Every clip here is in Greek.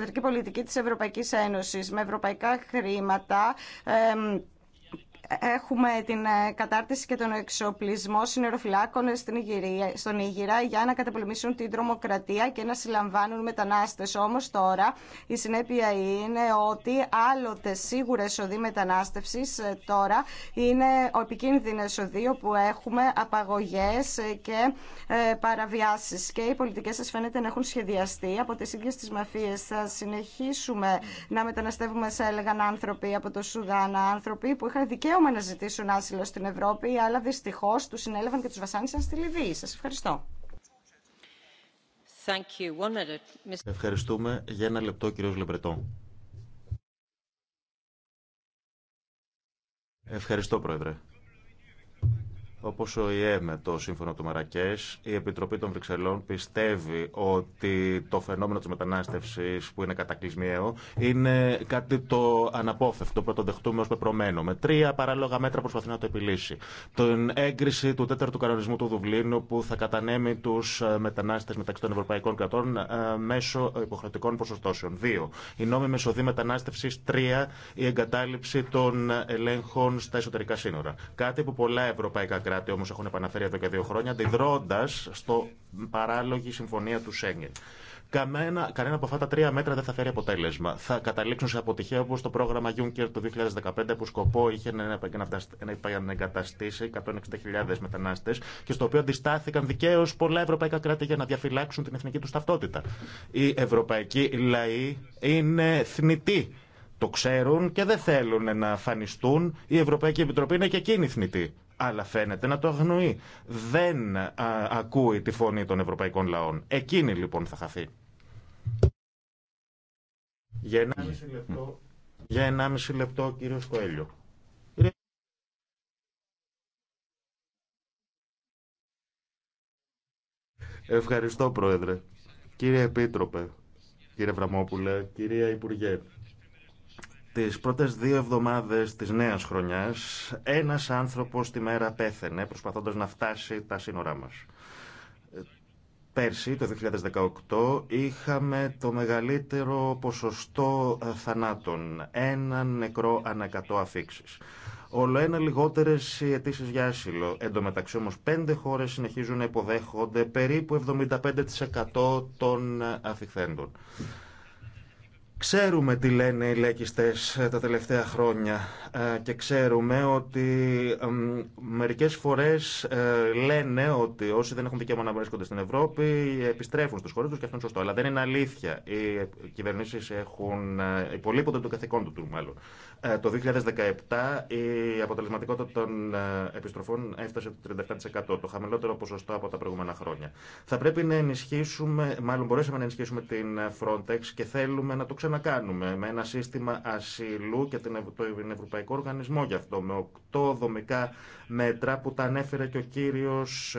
εξωτερική πολιτική της Ευρωπαϊκής Ένωσης με ευρωπαϊκά χρήματα Έχουμε την ε, κατάρτιση και τον εξοπλισμό συνεροφυλάκων στον Ήγυρα για να καταπολεμήσουν την τρομοκρατία και να συλλαμβάνουν μετανάστες. Όμως τώρα η συνέπεια είναι ότι άλλοτε σίγουρα οδοί μετανάστευσης ε, τώρα είναι ο επικίνδυνο οδείο που έχουμε απαγωγές ε, και παραβιάσεις. Και οι πολιτικές σας φαίνεται να έχουν σχεδιαστεί από τις ίδιες τις μαφίες. Θα συνεχίσουμε να μεταναστεύουμε σε έλεγαν άνθρωποι από το Σουδάν, άνθρωποι που είχαν δικαίωμα να ζητήσουν άσυλο στην Ευρώπη, αλλά δυστυχώ του συνέλαβαν και του βασάνισαν στη Λιβύη. Σα ευχαριστώ. Ευχαριστούμε. Για ένα λεπτό, κύριος Λεμπρετό. Ευχαριστώ, Πρόεδρε. Όπω ο ΙΕ με το σύμφωνο του Μαρακέ, η Επιτροπή των Βρυξελών πιστεύει ότι το φαινόμενο τη μετανάστευση που είναι κατακλυσμιαίο είναι κάτι το αναπόφευκτο που το δεχτούμε ω πεπρωμένο. Με τρία παράλογα μέτρα προσπαθεί να το επιλύσει. Την έγκριση του τέταρτου κανονισμού του Δουβλίνου που θα κατανέμει του ε, μετανάστε μεταξύ των ευρωπαϊκών κρατών ε, μέσω υποχρεωτικών ποσοστώσεων. Δύο. Η νόμη μεσοδή μετανάστευση. Τρία. Η εγκατάλειψη των ελέγχων στα εσωτερικά σύνορα. Κάτι που πολλά ευρωπαϊκά κράτη όμω έχουν επαναφέρει εδώ και δύο χρόνια, αντιδρώντα στο παράλογη συμφωνία του Σέγγεν. Κανένα, κανένα από αυτά τα τρία μέτρα δεν θα φέρει αποτέλεσμα. Θα καταλήξουν σε αποτυχία όπω το πρόγραμμα Juncker το 2015 που σκοπό είχε να εγκαταστήσει 160.000 μετανάστε και στο οποίο αντιστάθηκαν δικαίω πολλά ευρωπαϊκά κράτη για να διαφυλάξουν την εθνική του ταυτότητα. Οι ευρωπαϊκοί λαοί είναι θνητοί. Το ξέρουν και δεν θέλουν να φανιστούν. Η Ευρωπαϊκή Επιτροπή είναι και εκείνη θνητή αλλά φαίνεται να το αγνοεί. Δεν ακούει τη φωνή των ευρωπαϊκών λαών. Εκείνη λοιπόν θα χαθεί. Για 1,5 ναι. λεπτό, για 1,5 λεπτό Σκοέλιο. Ευχαριστώ Πρόεδρε. Κύριε Επίτροπε, κύριε Βραμόπουλε, κυρία Υπουργέ τις πρώτες δύο εβδομάδες της νέας χρονιάς ένας άνθρωπος τη μέρα πέθαινε προσπαθώντας να φτάσει τα σύνορά μας. Πέρσι, το 2018, είχαμε το μεγαλύτερο ποσοστό ε, θανάτων, έναν νεκρό ανακατό αφήξης. Όλο ένα λιγότερε οι αιτήσει για άσυλο. Εν τω μεταξύ όμω, πέντε χώρε συνεχίζουν να υποδέχονται περίπου 75% των ε, αφιχθέντων. Ξέρουμε τι λένε οι λέκιστες ε, τα τελευταία χρόνια ε, και ξέρουμε ότι μερικές φορές ε, λένε ότι όσοι δεν έχουν δικαίωμα να βρίσκονται στην Ευρώπη επιστρέφουν στους χώρους τους και αυτό είναι σωστό. Αλλά δεν είναι αλήθεια. Οι κυβερνήσεις έχουν υπολείπονται το καθηκόν του μάλλον. Ε, το 2017 η αποτελεσματικότητα των ε, επιστροφών έφτασε το 37%, το χαμηλότερο ποσοστό από τα προηγούμενα χρόνια. Θα πρέπει να ενισχύσουμε, μάλλον μπορέσαμε να ενισχύσουμε την ε, Frontex και θέλουμε να το ξανακάνουμε με ένα σύστημα ασύλου και τον Ευρωπαϊκό Οργανισμό γι' αυτό, με οκτώ δομικά μέτρα που τα ανέφερε και ο κύριος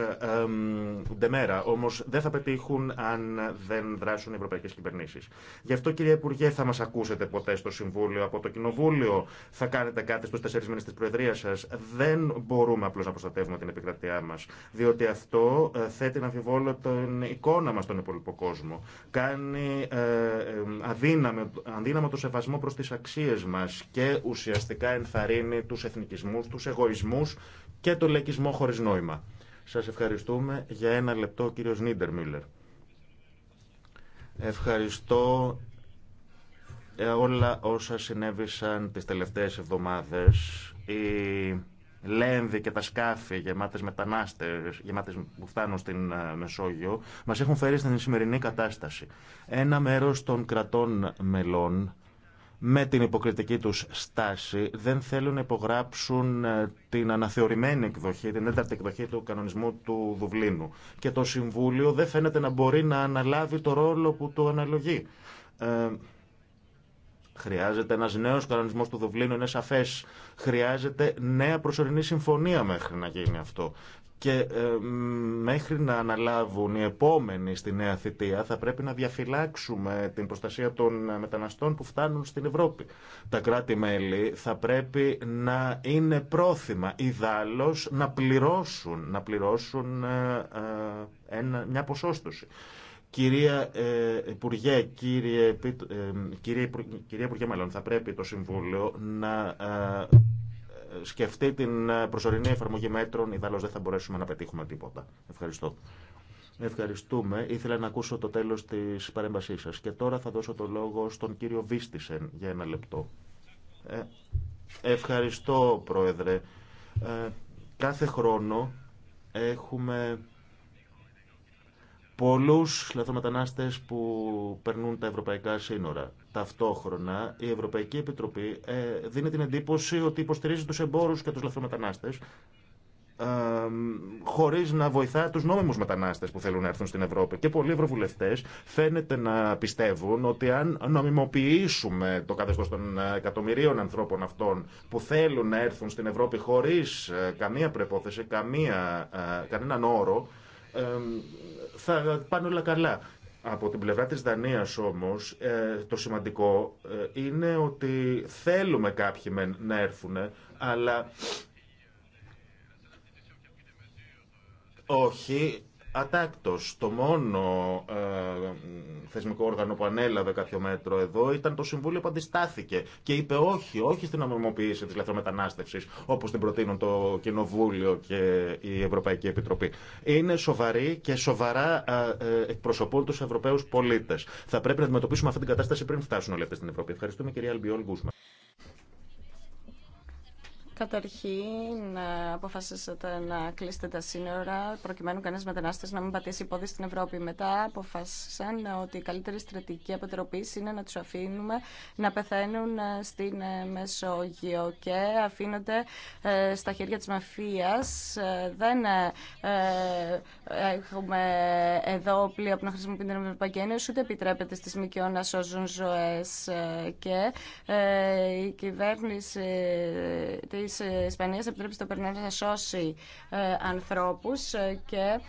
Ντεμέρα. Όμως δεν θα πετύχουν αν δεν δράσουν οι ευρωπαϊκές κυβερνήσεις. Γι' αυτό κύριε Υπουργέ θα μας ακούσετε ποτέ στο Συμβούλιο, από το Κοινοβούλιο, θα κάνετε κάτι στους τέσσερι μήνε της Προεδρίας σας. Δεν μπορούμε απλώς να προστατεύουμε την επικρατειά μας, διότι αυτό ε, θέτει να αμφιβόλω την εικόνα μας στον υπόλοιπο κόσμο. Κάνει ε, αδύναμο, το σεβασμό προς τις αξίες μας και ουσιαστικά ενθαρρύνει τους εθνικισμούς, τους εγωισμούς και το λεκισμό χωρί νόημα. Σα ευχαριστούμε για ένα λεπτό, κύριο Νίντερ Ευχαριστώ ε, όλα όσα συνέβησαν τις τελευταίες εβδομάδες. Η Λένδη και τα σκάφη γεμάτες μετανάστες, γεμάτες που φτάνουν στην ε, Μεσόγειο, μας έχουν φέρει στην σημερινή κατάσταση. Ένα μέρος των κρατών μελών με την υποκριτική τους στάση δεν θέλουν να υπογράψουν ε, την αναθεωρημένη εκδοχή, την ένταρτη εκδοχή του κανονισμού του Δουβλίνου. Και το Συμβούλιο δεν φαίνεται να μπορεί να αναλάβει το ρόλο που του αναλογεί. Ε, χρειάζεται ένας νέος κανονισμός του Δουβλίνου, είναι σαφές. Χρειάζεται νέα προσωρινή συμφωνία μέχρι να γίνει αυτό και ε, μέχρι να αναλάβουν οι επόμενοι στη νέα θητεία θα πρέπει να διαφυλάξουμε την προστασία των μεταναστών που φτάνουν στην Ευρώπη. Τα κράτη-μέλη θα πρέπει να είναι πρόθυμα, ιδάλλως να πληρώσουν, να πληρώσουν ε, ε, μια ποσόστοση. Κυρία ε, Υπουργέ, κύριε, ε, θα πρέπει το Συμβούλιο να σκεφτεί την προσωρινή εφαρμογή μέτρων, ιδάλω δεν θα μπορέσουμε να πετύχουμε τίποτα. Ευχαριστώ. Ευχαριστούμε. Ήθελα να ακούσω το τέλο τη παρέμβασή σα. Και τώρα θα δώσω το λόγο στον κύριο Βίστησεν για ένα λεπτό. Ε, ευχαριστώ, Πρόεδρε. Ε, κάθε χρόνο έχουμε πολλούς λαθρομετανάστες που περνούν τα ευρωπαϊκά σύνορα. Ταυτόχρονα, η Ευρωπαϊκή Επιτροπή ε, δίνει την εντύπωση ότι υποστηρίζει τους εμπόρους και τους λαθρομετανάστες χωρί να βοηθά του νόμιμους μετανάστε που θέλουν να έρθουν στην Ευρώπη. Και πολλοί ευρωβουλευτέ φαίνεται να πιστεύουν ότι αν νομιμοποιήσουμε το καθεστώ των ε, εκατομμυρίων ανθρώπων αυτών που θέλουν να έρθουν στην Ευρώπη χωρί ε, καμία προπόθεση, κανέναν όρο, θα πάνε όλα καλά. Από την πλευρά της Δανίας όμως ε, το σημαντικό ε, είναι ότι θέλουμε κάποιοι να έρθουν αλλά όχι Ατάκτος, το μόνο ε, θεσμικό όργανο που ανέλαβε κάποιο μέτρο εδώ ήταν το Συμβούλιο που αντιστάθηκε και είπε όχι, όχι στην ομορμοποίηση της λαθρομετανάστευσης όπως την προτείνουν το Κοινοβούλιο και η Ευρωπαϊκή Επιτροπή. Είναι σοβαροί και σοβαρά ε, ε εκπροσωπούν τους Ευρωπαίους πολίτες. Θα πρέπει να αντιμετωπίσουμε αυτή την κατάσταση πριν φτάσουν όλοι αυτές στην Ευρώπη. Ευχαριστούμε κυρία Αλμπιόλ Γκούσμα. Καταρχήν, ε, αποφασίσατε να κλείσετε τα σύνορα προκειμένου κανένα μετανάστε να μην πατήσει πόδι στην Ευρώπη. Μετά, αποφάσισαν ότι η καλύτερη στρατηγική αποτροπή είναι να του αφήνουμε να πεθαίνουν ε, στην ε, Μεσόγειο και αφήνονται στα χέρια τη μαφία. Δεν έχουμε εδώ πλοία που να χρησιμοποιούν την Ευρωπαϊκή ούτε επιτρέπεται στι ΜΚΟ να σώζουν ζωέ. Και η κυβέρνηση τη της ε, Ισπανίας επιτρέπει στο Περνέλη να σώσει ε, ανθρώπους ε, και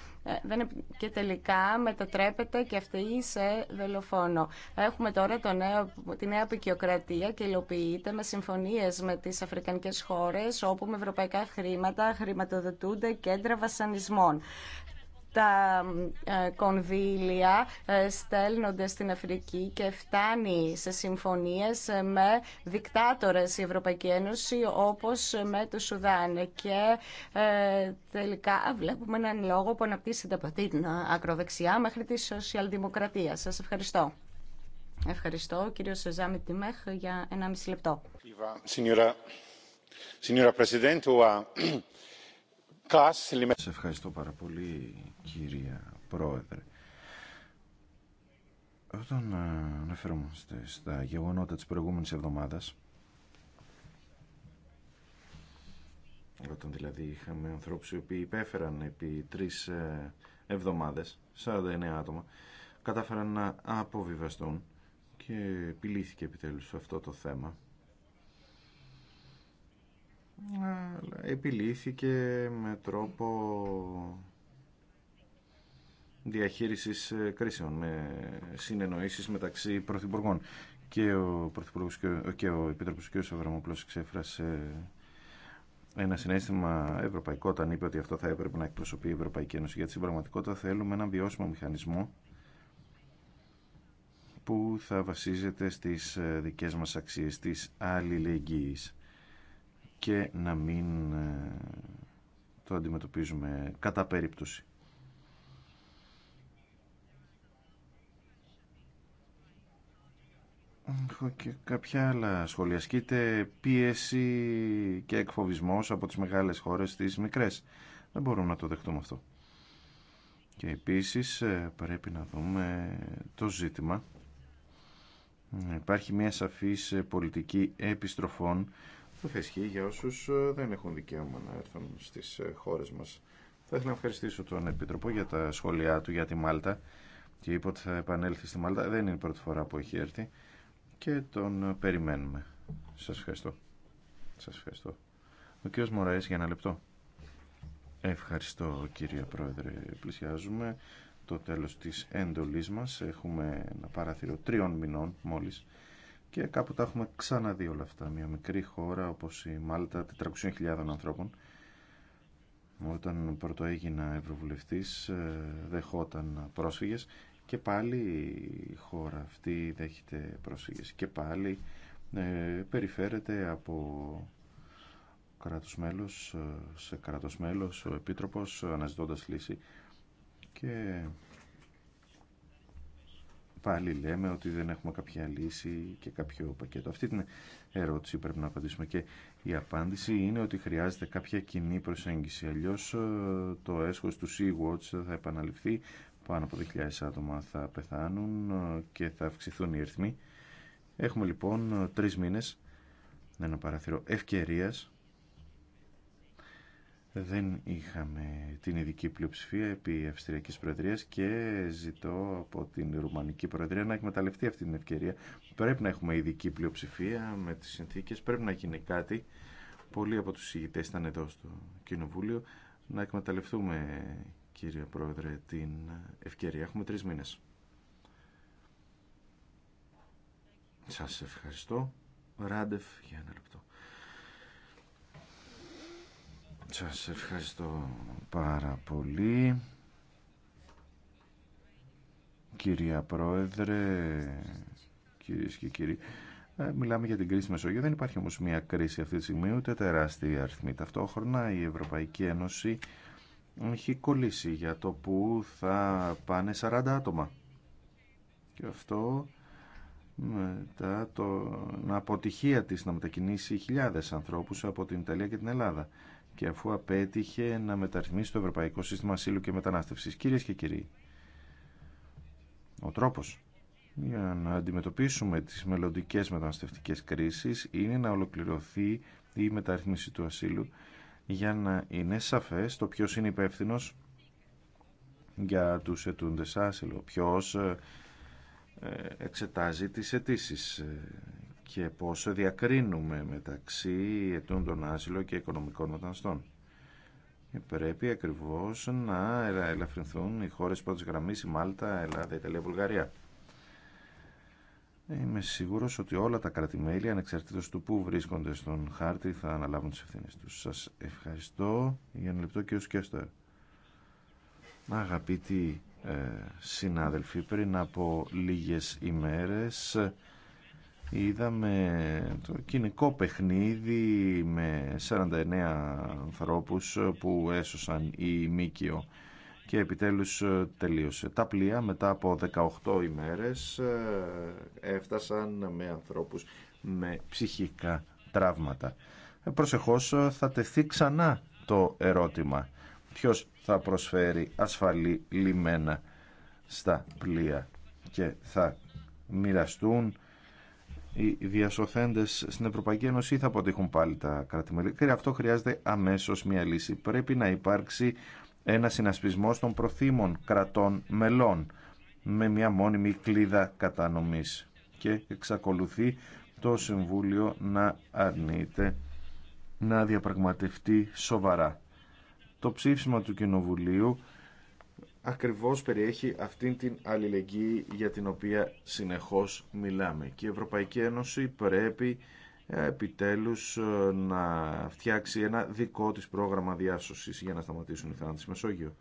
και τελικά μετατρέπεται και αυτή σε δολοφόνο. Έχουμε τώρα το νέο, τη νέα πικιοκρατία και υλοποιείται με συμφωνίες με τις αφρικανικές χώρες όπου με ευρωπαϊκά χρήματα χρηματοδοτούνται κέντρα βασανισμών τα ε, κονδύλια ε, στέλνονται στην Αφρική και φτάνει σε συμφωνίες ε, με δικτάτορες η Ευρωπαϊκή Ένωση όπως με το Σουδάν και τελικά βλέπουμε έναν λόγο που αναπτύσσεται από την ακροδεξιά μέχρι τη σοσιαλδημοκρατία. Σας ευχαριστώ. Ευχαριστώ κύριο Σεζάμι Τιμέχ για ένα μισή λεπτό. Σε ευχαριστώ πάρα πολύ κυρία Πρόεδρε. Όταν ε, αναφερόμαστε στα γεγονότα της προηγούμενης εβδομάδας, όταν δηλαδή είχαμε ανθρώπους οι οποίοι υπέφεραν επί τρεις ε, εβδομάδες, 49 άτομα, κατάφεραν να αποβιβαστούν και επιλύθηκε επιτέλους αυτό το θέμα επιλύθηκε με τρόπο διαχείρισης κρίσεων με συνεννοήσεις μεταξύ πρωθυπουργών και ο Πρωθυπουργός και ο, και ο Επίτροπος και εξέφρασε ένα συνέστημα ευρωπαϊκό όταν είπε ότι αυτό θα έπρεπε να εκπροσωπεί η Ευρωπαϊκή Ένωση γιατί στην πραγματικότητα θέλουμε έναν βιώσιμο μηχανισμό που θα βασίζεται στις δικές μας αξίες της αλληλεγγύης και να μην ε, το αντιμετωπίζουμε κατά περίπτωση. Έχω και κάποια άλλα σχόλια. Ασκείται πίεση και εκφοβισμός από τις μεγάλες χώρες στις μικρές. Δεν μπορούμε να το δεχτούμε αυτό. Και επίσης ε, πρέπει να δούμε το ζήτημα. Υπάρχει μια σαφής ε, πολιτική επιστροφών αυτό θα ισχύει για όσους ε, δεν έχουν δικαίωμα να έρθουν στις ε, χώρες μας. Θα ήθελα να ευχαριστήσω τον Επίτροπο για τα σχόλιά του για τη Μάλτα και είπε ότι θα επανέλθει στη Μάλτα. Δεν είναι η πρώτη φορά που έχει έρθει και τον ε, περιμένουμε. Σας ευχαριστώ. Σας ευχαριστώ. Ο κ. Μωραή για ένα λεπτό. Ευχαριστώ κύριε Πρόεδρε. Πλησιάζουμε το τέλος της έντολής μας. Έχουμε ένα παραθύρο τριών μηνών μόλις και κάπου τα έχουμε ξαναδεί όλα αυτά. Μια μικρή χώρα όπως η Μάλτα, 400.000 ανθρώπων, όταν πρώτο έγινα ευρωβουλευτής ε, δεχόταν πρόσφυγες και πάλι η χώρα αυτή δέχεται πρόσφυγες και πάλι ε, περιφέρεται από κράτος μέλος ε, σε κράτος μέλος ο Επίτροπος αναζητώντας λύση και πάλι λέμε ότι δεν έχουμε κάποια λύση και κάποιο πακέτο. Αυτή την ερώτηση πρέπει να απαντήσουμε και η απάντηση είναι ότι χρειάζεται κάποια κοινή προσέγγιση. Αλλιώς ε, το έσχος του Sea-Watch θα επαναληφθεί, πάνω από 2.000 άτομα θα πεθάνουν ε, και θα αυξηθούν οι αριθμοί. Έχουμε λοιπόν ε, τρεις μήνες ένα παράθυρο ευκαιρίας δεν είχαμε την ειδική πλειοψηφία επί Αυστριακής Προεδρίας και ζητώ από την Ρουμανική Προεδρία να εκμεταλλευτεί αυτή την ευκαιρία. Πρέπει να έχουμε ειδική πλειοψηφία με τις συνθήκες, πρέπει να γίνει κάτι. Πολλοί από τους ηγητές ήταν εδώ στο Κοινοβούλιο. Να εκμεταλλευτούμε, κύριε Πρόεδρε, την ευκαιρία. Έχουμε τρεις μήνες. Σας ευχαριστώ. Ράντεφ για ένα λεπτό. Σας ευχαριστώ πάρα πολύ. Κυρία Πρόεδρε, κυρίες και κύριοι, ε, μιλάμε για την κρίση στη Μεσόγειο. Δεν υπάρχει όμως μια κρίση αυτή τη στιγμή, ούτε τεράστια αριθμή. Ταυτόχρονα η Ευρωπαϊκή Ένωση έχει κολλήσει για το που θα πάνε 40 άτομα. Και αυτό μετά την αποτυχία της να μετακινήσει χιλιάδες ανθρώπους από την Ιταλία και την Ελλάδα και αφού απέτυχε να μεταρρυθμίσει το Ευρωπαϊκό Σύστημα Ασύλου και Μετανάστευσης. Κυρίες και κύριοι, ο τρόπος για να αντιμετωπίσουμε τις μελλοντικές μεταναστευτικές κρίσεις είναι να ολοκληρωθεί η μεταρρύθμιση του ασύλου για να είναι σαφές το ποιος είναι υπεύθυνο για τους ετούντε άσυλο, ποιος ε, εξετάζει τις αιτήσει ε, και πόσο διακρίνουμε μεταξύ ετούντων των και οικονομικών μεταναστών. Ε, πρέπει ακριβώς να ελαφρυνθούν οι χώρες πρώτης γραμμής, η Μάλτα, Ελλάδα, Ιταλία, Βουλγαρία. Ε, είμαι σίγουρος ότι όλα τα κρατημέλη, ανεξαρτήτως του που βρίσκονται στον χάρτη, θα αναλάβουν τις ευθύνες τους. Σας ευχαριστώ για ένα λεπτό και ο Αγαπητοί ε, συνάδελφοι, πριν από λίγες ημέρες είδαμε το κοινικό παιχνίδι με 49 ανθρώπους που έσωσαν η Μίκιο και επιτέλους ε, τελείωσε. Τα πλοία μετά από 18 ημέρες ε, έφτασαν με ανθρώπους με ψυχικά τραύματα. Ε, προσεχώς θα τεθεί ξανά το ερώτημα ποιος θα προσφέρει ασφαλή λιμένα στα πλοία και θα μοιραστούν οι διασωθέντες στην Ευρωπαϊκή Ένωση θα αποτύχουν πάλι τα κρατη Και αυτό χρειάζεται αμέσως μια λύση. Πρέπει να υπάρξει ένα συνασπισμό των προθήμων κρατών μελών με μια μόνιμη κλίδα κατανομής και εξακολουθεί το Συμβούλιο να αρνείται να διαπραγματευτεί σοβαρά. Το ψήφισμα του Κοινοβουλίου ακριβώς περιέχει αυτήν την αλληλεγγύη για την οποία συνεχώς μιλάμε. Και η Ευρωπαϊκή Ένωση πρέπει ε, επιτέλους ε, να φτιάξει ένα δικό της πρόγραμμα διάσωσης για να σταματήσουν οι θάνατοι Μεσόγειο.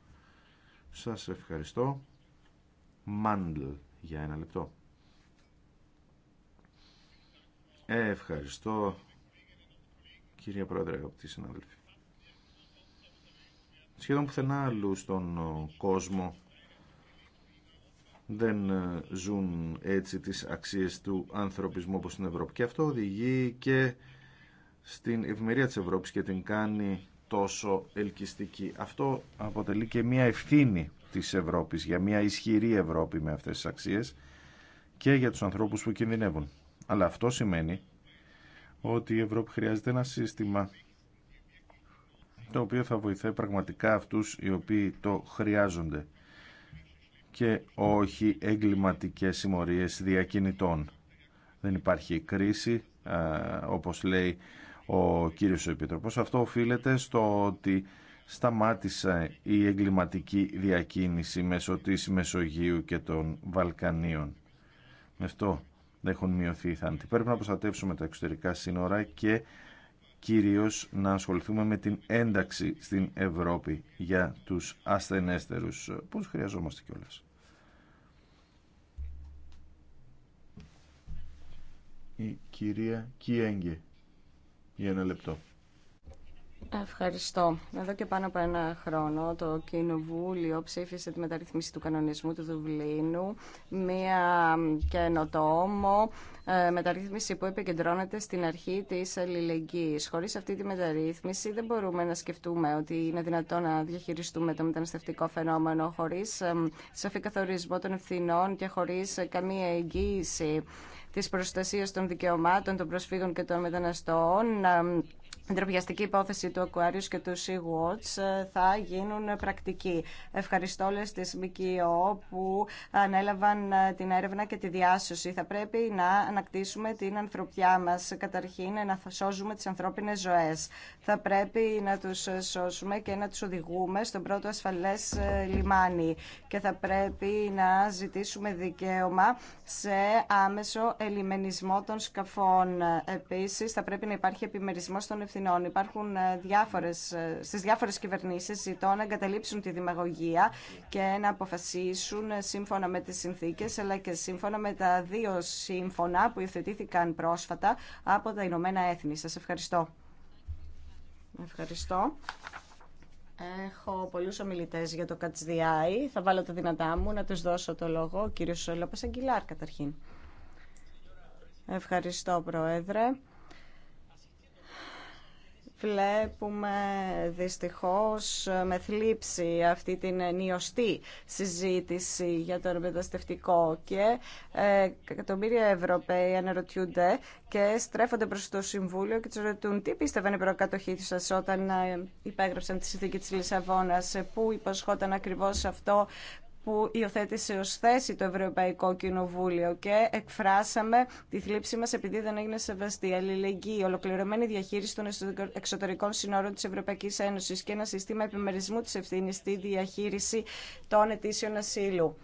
Σας ευχαριστώ. Μάντλ για ένα λεπτό. Ε, ευχαριστώ κύριε Πρόεδρε, αγαπητοί συνάδελφοι σχεδόν πουθενά αλλού στον ε, κόσμο δεν ε, ζουν έτσι τις αξίες του ανθρωπισμού όπως στην Ευρώπη. Και αυτό οδηγεί και στην ευημερία της Ευρώπης και την κάνει τόσο ελκυστική. Αυτό αποτελεί και μια ευθύνη της Ευρώπης για μια ισχυρή Ευρώπη με αυτές τις αξίες και για τους ανθρώπους που κινδυνεύουν. Αλλά αυτό σημαίνει ότι η Ευρώπη χρειάζεται ένα σύστημα το οποίο θα βοηθάει πραγματικά αυτούς οι οποίοι το χρειάζονται και όχι εγκληματικές συμμορίες διακινητών. Δεν υπάρχει κρίση, όπως λέει ο κύριος ο Επίτροπος. Αυτό οφείλεται στο ότι σταμάτησε η εγκληματική διακίνηση μέσω της Μεσογείου και των Βαλκανίων. Με αυτό δεν έχουν μειωθεί οι θάνατοι. Πρέπει να προστατεύσουμε τα εξωτερικά σύνορα και κυρίως να ασχοληθούμε με την ένταξη στην Ευρώπη για τους ασθενέστερους. Πώς χρειαζόμαστε κιόλας. Η κυρία Κιέγγε για ένα λεπτό. Ευχαριστώ. Εδώ και πάνω από ένα χρόνο το Κοινοβούλιο ψήφισε τη μεταρρυθμίση του κανονισμού του Δουβλίνου, μία καινοτόμο ε, μεταρρύθμιση που επικεντρώνεται στην αρχή της αλληλεγγύης. Χωρίς αυτή τη μεταρρύθμιση δεν μπορούμε να σκεφτούμε ότι είναι δυνατό να διαχειριστούμε το μεταναστευτικό φαινόμενο χωρίς ε, σαφή καθορισμό των ευθυνών και χωρίς καμία εγγύηση της προστασίας των δικαιωμάτων των προσφύγων και των μεταναστών ε, ντροπιαστική υπόθεση του Aquarius και του Sea Watch ε, θα γίνουν πρακτική. Ευχαριστώ όλε τι ΜΚΟ που ανέλαβαν ε, την έρευνα και τη διάσωση. Θα πρέπει να ανακτήσουμε την ανθρωπιά μα. Καταρχήν, να σώζουμε τι ανθρώπινε ζωέ. Θα πρέπει να του ε, σώσουμε και να του οδηγούμε στον πρώτο ασφαλέ λιμάνι. Και θα πρέπει να ζητήσουμε δικαίωμα σε άμεσο ελιμενισμό των σκαφών. Επίση, θα πρέπει να υπάρχει επιμερισμό των ευθυνών ευθυνών. Υπάρχουν ε, διάφορες, ε, στις διάφορες κυβερνήσεις ζητώ να εγκαταλείψουν τη δημαγωγία και να αποφασίσουν ε, σύμφωνα με τις συνθήκες αλλά και σύμφωνα με τα δύο σύμφωνα που υιοθετήθηκαν πρόσφατα από τα Ηνωμένα Έθνη. Σας ευχαριστώ. Ευχαριστώ. Έχω πολλούς ομιλητές για το ΚΑΤΣΔΙ. Θα βάλω τα δυνατά μου να τους δώσω το λόγο. Ο κύριος Αγγιλάρ καταρχήν. Ευχαριστώ, Πρόεδρε. Βλέπουμε δυστυχώς με θλίψη αυτή την νιωστή συζήτηση για το εργοδοστευτικό και ε, εκατομμύρια Ευρωπαίοι αναρωτιούνται και στρέφονται προς το Συμβούλιο και τους ρωτούν τι πίστευαν οι προκατοχοί σας όταν ε, υπέγραψαν τη συνθήκη της Λισαβόνας, ε, που υποσχόταν ακριβώς αυτό που υιοθέτησε ως θέση το Ευρωπαϊκό Κοινοβούλιο και εκφράσαμε τη θλίψη μας επειδή δεν έγινε σεβαστή αλληλεγγύη, ολοκληρωμένη διαχείριση των εξωτερικών συνόρων της Ευρωπαϊκής Ένωσης και ένα σύστημα επιμερισμού της ευθύνη στη διαχείριση των αιτήσεων ασύλου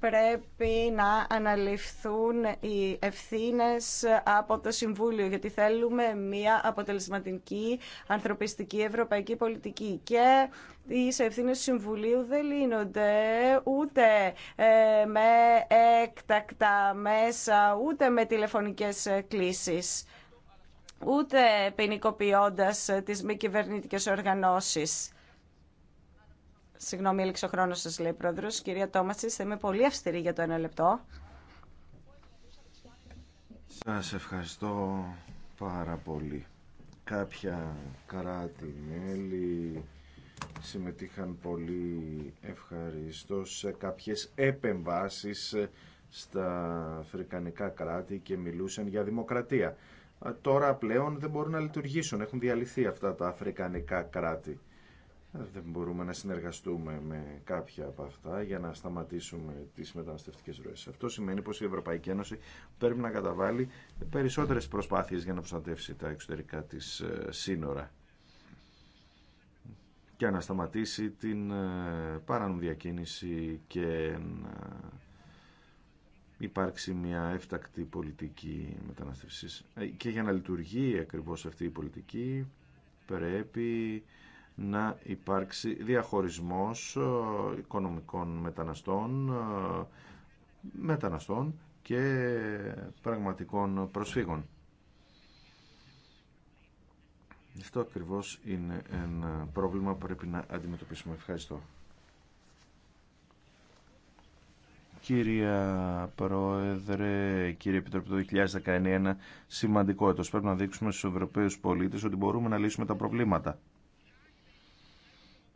πρέπει να αναλυφθούν οι ευθύνες από το Συμβούλιο, γιατί θέλουμε μια αποτελεσματική ανθρωπιστική ευρωπαϊκή πολιτική. Και οι ευθύνε του Συμβουλίου δεν λύνονται ούτε ε, με έκτακτα μέσα, ούτε με τηλεφωνικές κλήσεις, ούτε ποινικοποιώντα τις μη κυβερνητικές οργανώσεις. Συγγνώμη, έλειξε ο χρόνο σα, λέει πρόεδρο. Κυρία Τόμαση, θα είμαι πολύ αυστηρή για το ένα λεπτό. Σα ευχαριστώ πάρα πολύ. Κάποια κράτη-μέλη συμμετείχαν πολύ ευχαριστώ σε κάποιες επεμβάσεις στα αφρικανικά κράτη και μιλούσαν για δημοκρατία. Τώρα πλέον δεν μπορούν να λειτουργήσουν, έχουν διαλυθεί αυτά τα αφρικανικά κράτη δεν μπορούμε να συνεργαστούμε με κάποια από αυτά για να σταματήσουμε τις μεταναστευτικές ροές. Αυτό σημαίνει πως η Ευρωπαϊκή Ένωση πρέπει να καταβάλει περισσότερες προσπάθειες για να προστατεύσει τα εξωτερικά της ε, σύνορα και να σταματήσει την ε, παράνομη διακίνηση και να υπάρξει μια έφτακτη πολιτική μεταναστευσής. Ε, και για να λειτουργεί ακριβώς αυτή η πολιτική πρέπει να υπάρξει διαχωρισμός ε, οικονομικών μεταναστών, ε, μεταναστών και πραγματικών προσφύγων. Αυτό ακριβώς είναι ένα πρόβλημα που πρέπει να αντιμετωπίσουμε. Ευχαριστώ. Κύρια Πρόεδρε, κύριε Επιτροπή, το 2019 σημαντικό έτος. Πρέπει να δείξουμε στους Ευρωπαίους πολίτες ότι μπορούμε να λύσουμε τα προβλήματα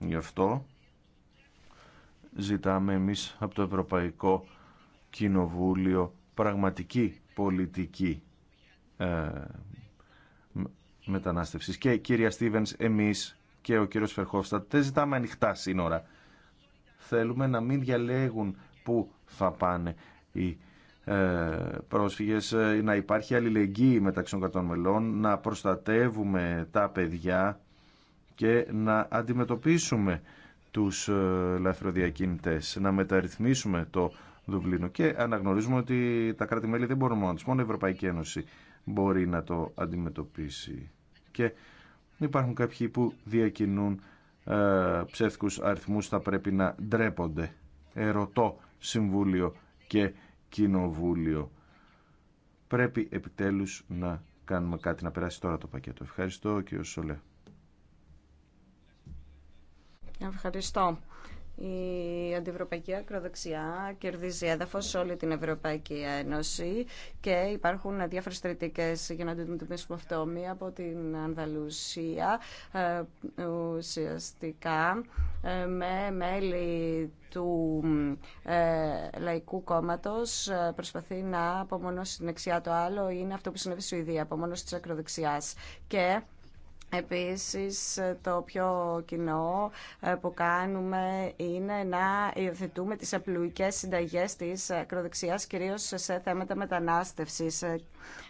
Γι' αυτό ζητάμε εμείς από το Ευρωπαϊκό Κοινοβούλιο πραγματική πολιτική ε, μετανάστευσης. Και κύρια Στίβενς, εμείς και ο κύριος Φερχόφστατ δεν ζητάμε ανοιχτά σύνορα. Θέλουμε να μην διαλέγουν πού θα πάνε οι ε, πρόσφυγες, ε, να υπάρχει αλληλεγγύη μεταξύ των κατών μελών, να προστατεύουμε τα παιδιά και να αντιμετωπίσουμε τους ε, λαθροδιακίνητες, να μεταρρυθμίσουμε το Δουβλίνο και αναγνωρίζουμε ότι τα κράτη-μέλη δεν μπορούν μόνο τους, μόνο η Ευρωπαϊκή Ένωση μπορεί να το αντιμετωπίσει. Και υπάρχουν κάποιοι που διακινούν ε, ψεύτικους αριθμούς, θα πρέπει να ντρέπονται. Ερωτώ Συμβούλιο και Κοινοβούλιο. Πρέπει επιτέλους να κάνουμε κάτι, να περάσει τώρα το πακέτο. Ευχαριστώ κύριο Σολέ. Ευχαριστώ. Η αντιευρωπαϊκή ακροδεξιά κερδίζει έδαφο σε όλη την Ευρωπαϊκή Ένωση και υπάρχουν διάφορε κριτικέ για να αντιμετωπίσουμε αυτό. Μία από την Ανδαλουσία ε, ουσιαστικά ε, με μέλη του ε, Λαϊκού Κόμματο προσπαθεί να απομονώσει την δεξιά. Το άλλο είναι αυτό που συνέβη στη Σουηδία, απομόνωση τη ακροδεξιά. Και Επίσης, το πιο κοινό ε, που κάνουμε είναι να υιοθετούμε τις απλουικές συνταγές της ακροδεξιάς, κυρίως σε θέματα μετανάστευσης. Ε,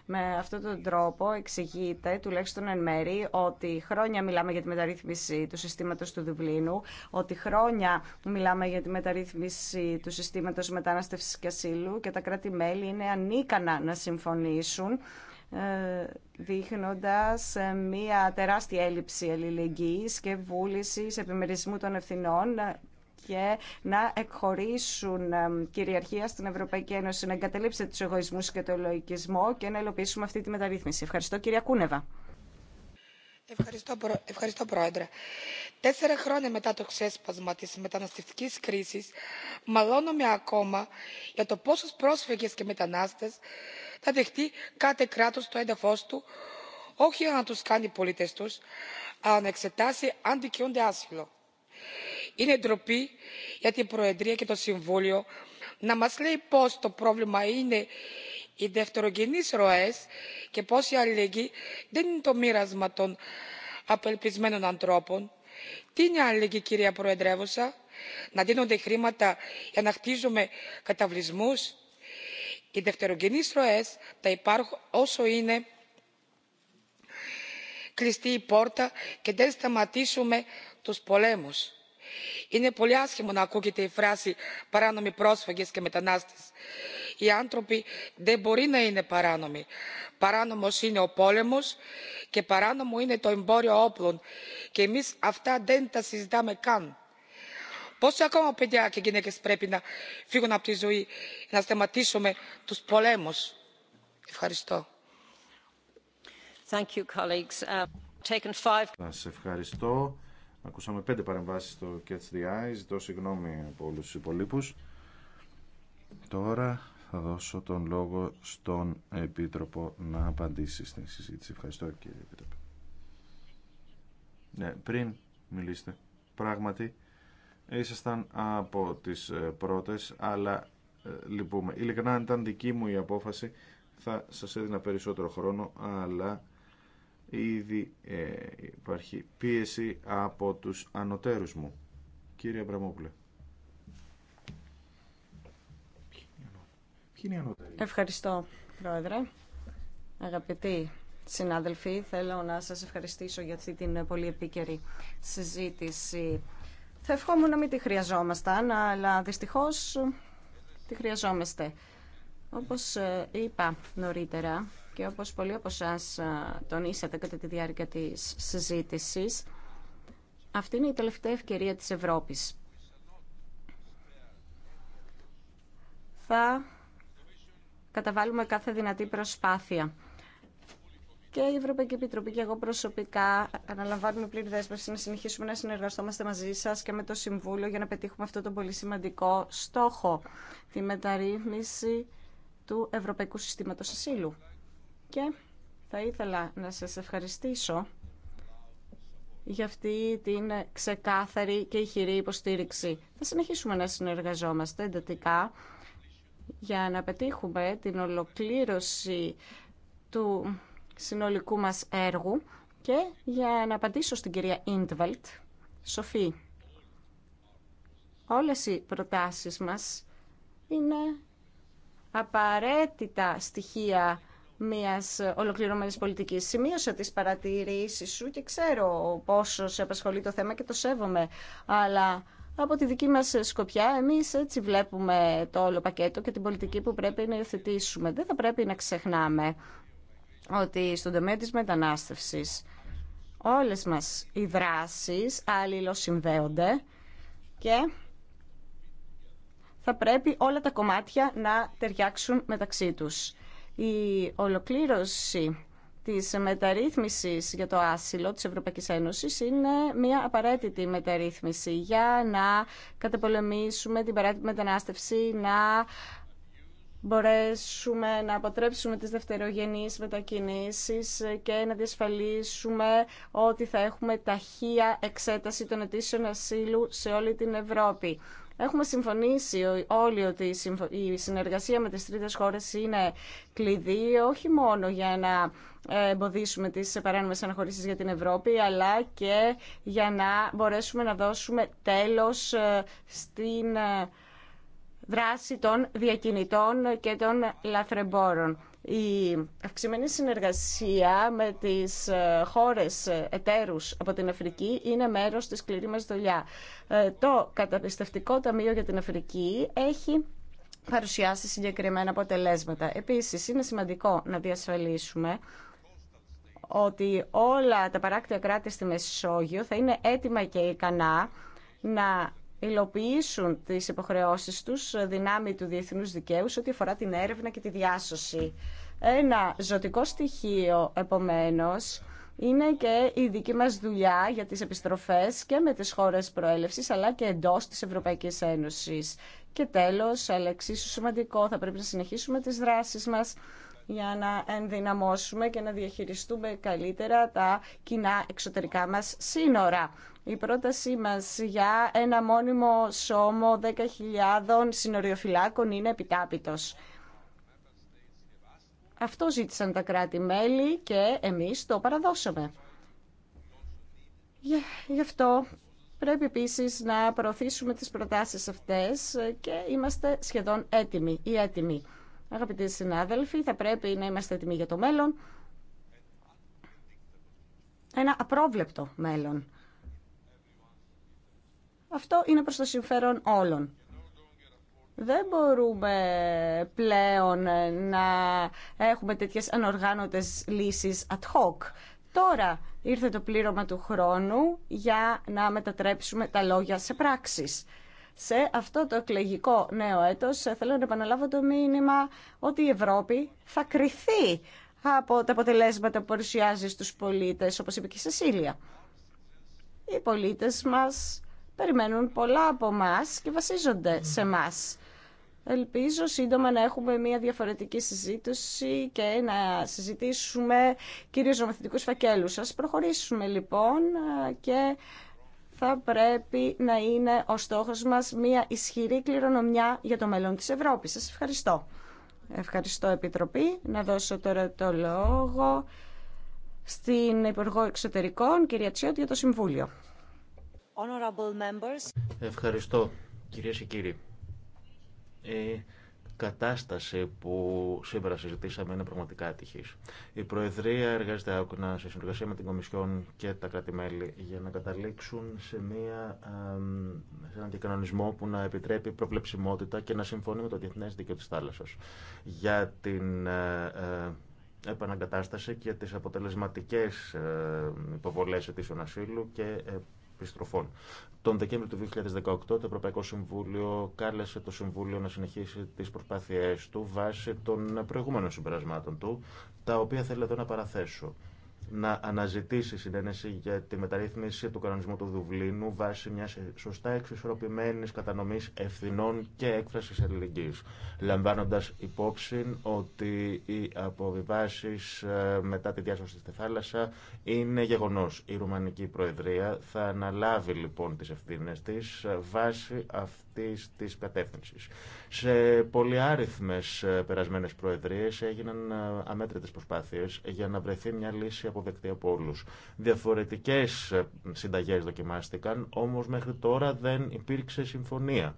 με αυτόν τον τρόπο εξηγείται, τουλάχιστον εν μέρη, ότι χρόνια μιλάμε για τη μεταρρύθμιση του συστήματος του Δουβλίνου, ότι χρόνια μιλάμε για τη μεταρρύθμιση του συστήματος μετανάστευσης και ασύλου και τα κράτη-μέλη είναι ανίκανα να συμφωνήσουν ε, δείχνοντας ε, μία τεράστια έλλειψη αλληλεγγύης και βούλησης επιμερισμού των ευθυνών ε, και να εκχωρήσουν κυριαρχία στην Ευρωπαϊκή Ένωση, να εγκαταλείψετε τους εγωισμούς και τον λογικισμό και να ελοπίσουμε αυτή τη μεταρρύθμιση. Ευχαριστώ κυρία Κούνεβα. Ευχαριστώ, ευχαριστώ Πρόεδρε. Τέσσερα χρόνια μετά το ξέσπασμα της μεταναστευτικής κρίσης, μαλώνουμε ακόμα για το πόσους πρόσφυγες και μετανάστε θα δεχτεί κάθε κράτο το έδαφο του όχι για να του κάνει πολίτε του, αλλά να εξετάσει αν δικαιούνται άσυλο. Είναι ντροπή για την Προεδρία και το Συμβούλιο να μας λέει πώς το πρόβλημα είναι οι δευτερογενείς ροές και πώς η αλληλεγγύη δεν είναι το μοίρασμα των απελπισμένων ανθρώπων. Τι είναι αλληλεγγύη κυρία Προεδρεύουσα, να δίνονται χρήματα για να χτίζουμε καταβλισμούς, οι δευτερογενείς ροές θα υπάρχουν όσο είναι κλειστή η πόρτα και δεν σταματήσουμε τους πολέμους. Είναι πολύ άσχημο να ακούγεται η φράση παράνομοι πρόσφυγες και μετανάστες. Οι άνθρωποι δεν μπορεί να είναι παράνομοι. Παράνομος είναι ο πόλεμος και παράνομο είναι το εμπόριο όπλων και εμείς αυτά δεν τα συζητάμε καν πόσο ακόμα παιδιά και γυναίκε πρέπει να φύγουν από τη ζωή να σταματήσουμε του πολέμου. Ευχαριστώ. Thank you, colleagues. Uh, taken five... ευχαριστώ. Ακούσαμε πέντε παρεμβάσεις στο Catch the Eye. Ζητώ συγγνώμη από όλους τους υπολείπους. Τώρα θα δώσω τον λόγο στον Επίτροπο να απαντήσει στην συζήτηση. Ευχαριστώ κύριε Επίτροπο. Ναι, πριν μιλήσετε, πράγματι ήσασταν από τις ε, πρώτες, αλλά ε, λυπούμε. Ειλικρινά αν ήταν δική μου η απόφαση θα σας έδινα περισσότερο χρόνο, αλλά ήδη ε, υπάρχει πίεση από τους ανωτέρους μου. Κύριε Αμπραμόπουλε. Ευχαριστώ, Πρόεδρε. Αγαπητοί συνάδελφοι, θέλω να σας ευχαριστήσω για αυτή την πολύ επίκαιρη συζήτηση. Θα ευχόμουν να μην τη χρειαζόμασταν, αλλά δυστυχώς τη χρειαζόμαστε. Όπως ε, είπα νωρίτερα και όπως πολλοί από εσά ε, τονίσατε κατά τη διάρκεια της συζήτησης, αυτή είναι η τελευταία ευκαιρία της Ευρώπης. Θα καταβάλουμε κάθε δυνατή προσπάθεια και η Ευρωπαϊκή Επιτροπή και εγώ προσωπικά αναλαμβάνουμε πλήρη δέσμευση να συνεχίσουμε να συνεργαστόμαστε μαζί σας και με το Συμβούλιο για να πετύχουμε αυτό τον πολύ σημαντικό στόχο, τη μεταρρύθμιση του Ευρωπαϊκού Συστήματος Ασύλου. Και θα ήθελα να σας ευχαριστήσω για αυτή την ξεκάθαρη και ηχηρή υποστήριξη. Θα συνεχίσουμε να συνεργαζόμαστε εντατικά για να πετύχουμε την ολοκλήρωση του συνολικού μας έργου και για να απαντήσω στην κυρία Ιντβελτ, Σοφή, όλες οι προτάσεις μας είναι απαραίτητα στοιχεία μιας ολοκληρωμένης πολιτικής. Σημείωσα τις παρατηρήσεις σου και ξέρω πόσο σε απασχολεί το θέμα και το σέβομαι, αλλά από τη δική μας σκοπιά εμείς έτσι βλέπουμε το όλο πακέτο και την πολιτική που πρέπει να υιοθετήσουμε. Δεν θα πρέπει να ξεχνάμε ότι στον τομέα της μετανάστευσης όλες μας οι δράσεις αλληλοσυνδέονται και θα πρέπει όλα τα κομμάτια να ταιριάξουν μεταξύ τους. Η ολοκλήρωση της μεταρρύθμισης για το άσυλο της Ευρωπαϊκής Ένωσης είναι μια απαραίτητη μεταρρύθμιση για να καταπολεμήσουμε την παράτυπη μετανάστευση, να μπορέσουμε να αποτρέψουμε τις δευτερογενείς μετακινήσεις και να διασφαλίσουμε ότι θα έχουμε ταχεία εξέταση των αιτήσεων ασύλου σε όλη την Ευρώπη. Έχουμε συμφωνήσει όλοι ότι η συνεργασία με τις τρίτες χώρες είναι κλειδί, όχι μόνο για να ε, εμποδίσουμε τις παράνομες αναχωρήσεις για την Ευρώπη, αλλά και για να μπορέσουμε να δώσουμε τέλος ε, στην ε, δράση των διακινητών και των λαθρεμπόρων. Η αυξημένη συνεργασία με τις ε, χώρες εταίρους από την Αφρική είναι μέρος της σκληρή μας δουλειά. Ε, το καταπιστευτικό ταμείο για την Αφρική έχει παρουσιάσει συγκεκριμένα αποτελέσματα. Επίσης, είναι σημαντικό να διασφαλίσουμε ότι όλα τα παράκτια κράτη στη Μεσόγειο θα είναι έτοιμα και ικανά να υλοποιήσουν τις υποχρεώσεις τους δυνάμει του διεθνούς δικαίου ό,τι αφορά την έρευνα και τη διάσωση. Ένα ζωτικό στοιχείο, επομένως, είναι και η δική μας δουλειά για τις επιστροφές και με τις χώρες προέλευσης, αλλά και εντός της Ευρωπαϊκής Ένωσης. Και τέλος, αλλά εξίσου σημαντικό, θα πρέπει να συνεχίσουμε τις δράσεις μας για να ενδυναμώσουμε και να διαχειριστούμε καλύτερα τα κοινά εξωτερικά μας σύνορα. Η πρότασή μας για ένα μόνιμο σώμο 10.000 συνοριοφυλάκων είναι επιτάπητος. Αυτό ζήτησαν τα κράτη-μέλη και εμείς το παραδώσαμε. Γι' αυτό πρέπει επίσης να προωθήσουμε τις προτάσεις αυτές και είμαστε σχεδόν έτοιμοι ή έτοιμοι. Αγαπητοί συνάδελφοι, θα πρέπει να είμαστε έτοιμοι για το μέλλον. Ένα απρόβλεπτο μέλλον. Αυτό είναι προς το συμφέρον όλων. Δεν μπορούμε πλέον να έχουμε τέτοιες ανοργάνωτες λύσεις ad hoc. Τώρα ήρθε το πλήρωμα του χρόνου για να μετατρέψουμε τα λόγια σε πράξεις. Σε αυτό το εκλεγικό νέο έτος θέλω να επαναλάβω το μήνυμα ότι η Ευρώπη θα κρυθεί από τα αποτελέσματα που παρουσιάζει στους πολίτες, όπως είπε και η Σεσίλια. Οι πολίτες μας περιμένουν πολλά από εμά και βασίζονται σε εμά. Ελπίζω σύντομα να έχουμε μια διαφορετική συζήτηση και να συζητήσουμε κυρίως νομοθετικούς φακέλους. Ας προχωρήσουμε λοιπόν και θα πρέπει να είναι ο στόχος μας μια ισχυρή κληρονομιά για το μέλλον της Ευρώπης. Σας ευχαριστώ. Ευχαριστώ Επιτροπή. Να δώσω τώρα το λόγο στην Υπουργό Εξωτερικών, κυρία Τσιώτη, για το Συμβούλιο. Ευχαριστώ, κυρίες και κύριοι. Η κατάσταση που σήμερα συζητήσαμε είναι πραγματικά ατυχή. Η Προεδρία εργάζεται άκουνα σε συνεργασία με την Κομισιόν και τα κράτη-μέλη για να καταλήξουν σε, μια, σε έναν κανονισμό που να επιτρέπει προβλεψιμότητα και να συμφωνεί με το Διεθνέ Δίκαιο τη Θάλασσα για την ε, ε, επαναγκατάσταση και τις αποτελεσματικές ε, υποβολές αιτήσεων ασύλου και τον Δεκέμβριο του 2018 το Ευρωπαϊκό Συμβούλιο κάλεσε το Συμβούλιο να συνεχίσει τις προσπάθειές του βάσει των προηγούμενων συμπερασμάτων του, τα οποία θέλω εδώ να παραθέσω να αναζητήσει συνένεση για τη μεταρρύθμιση του κανονισμού του Δουβλίνου βάσει μια σωστά εξισορροπημένη κατανομή ευθυνών και έκφραση αλληλεγγύη. Λαμβάνοντα υπόψη ότι οι αποβιβάσει ε, μετά τη διάσωση στη θάλασσα είναι γεγονό. Η Ρουμανική Προεδρία θα αναλάβει λοιπόν τι ευθύνε τη ε, βάσει αυτή τη κατεύθυνση. Σε πολυάριθμε περασμένε προεδρίε έγιναν ε, αμέτρητε προσπάθειε για να βρεθεί μια λύση αποδεκτή από όλου. Διαφορετικέ ε, συνταγέ δοκιμάστηκαν, όμω μέχρι τώρα δεν υπήρξε συμφωνία.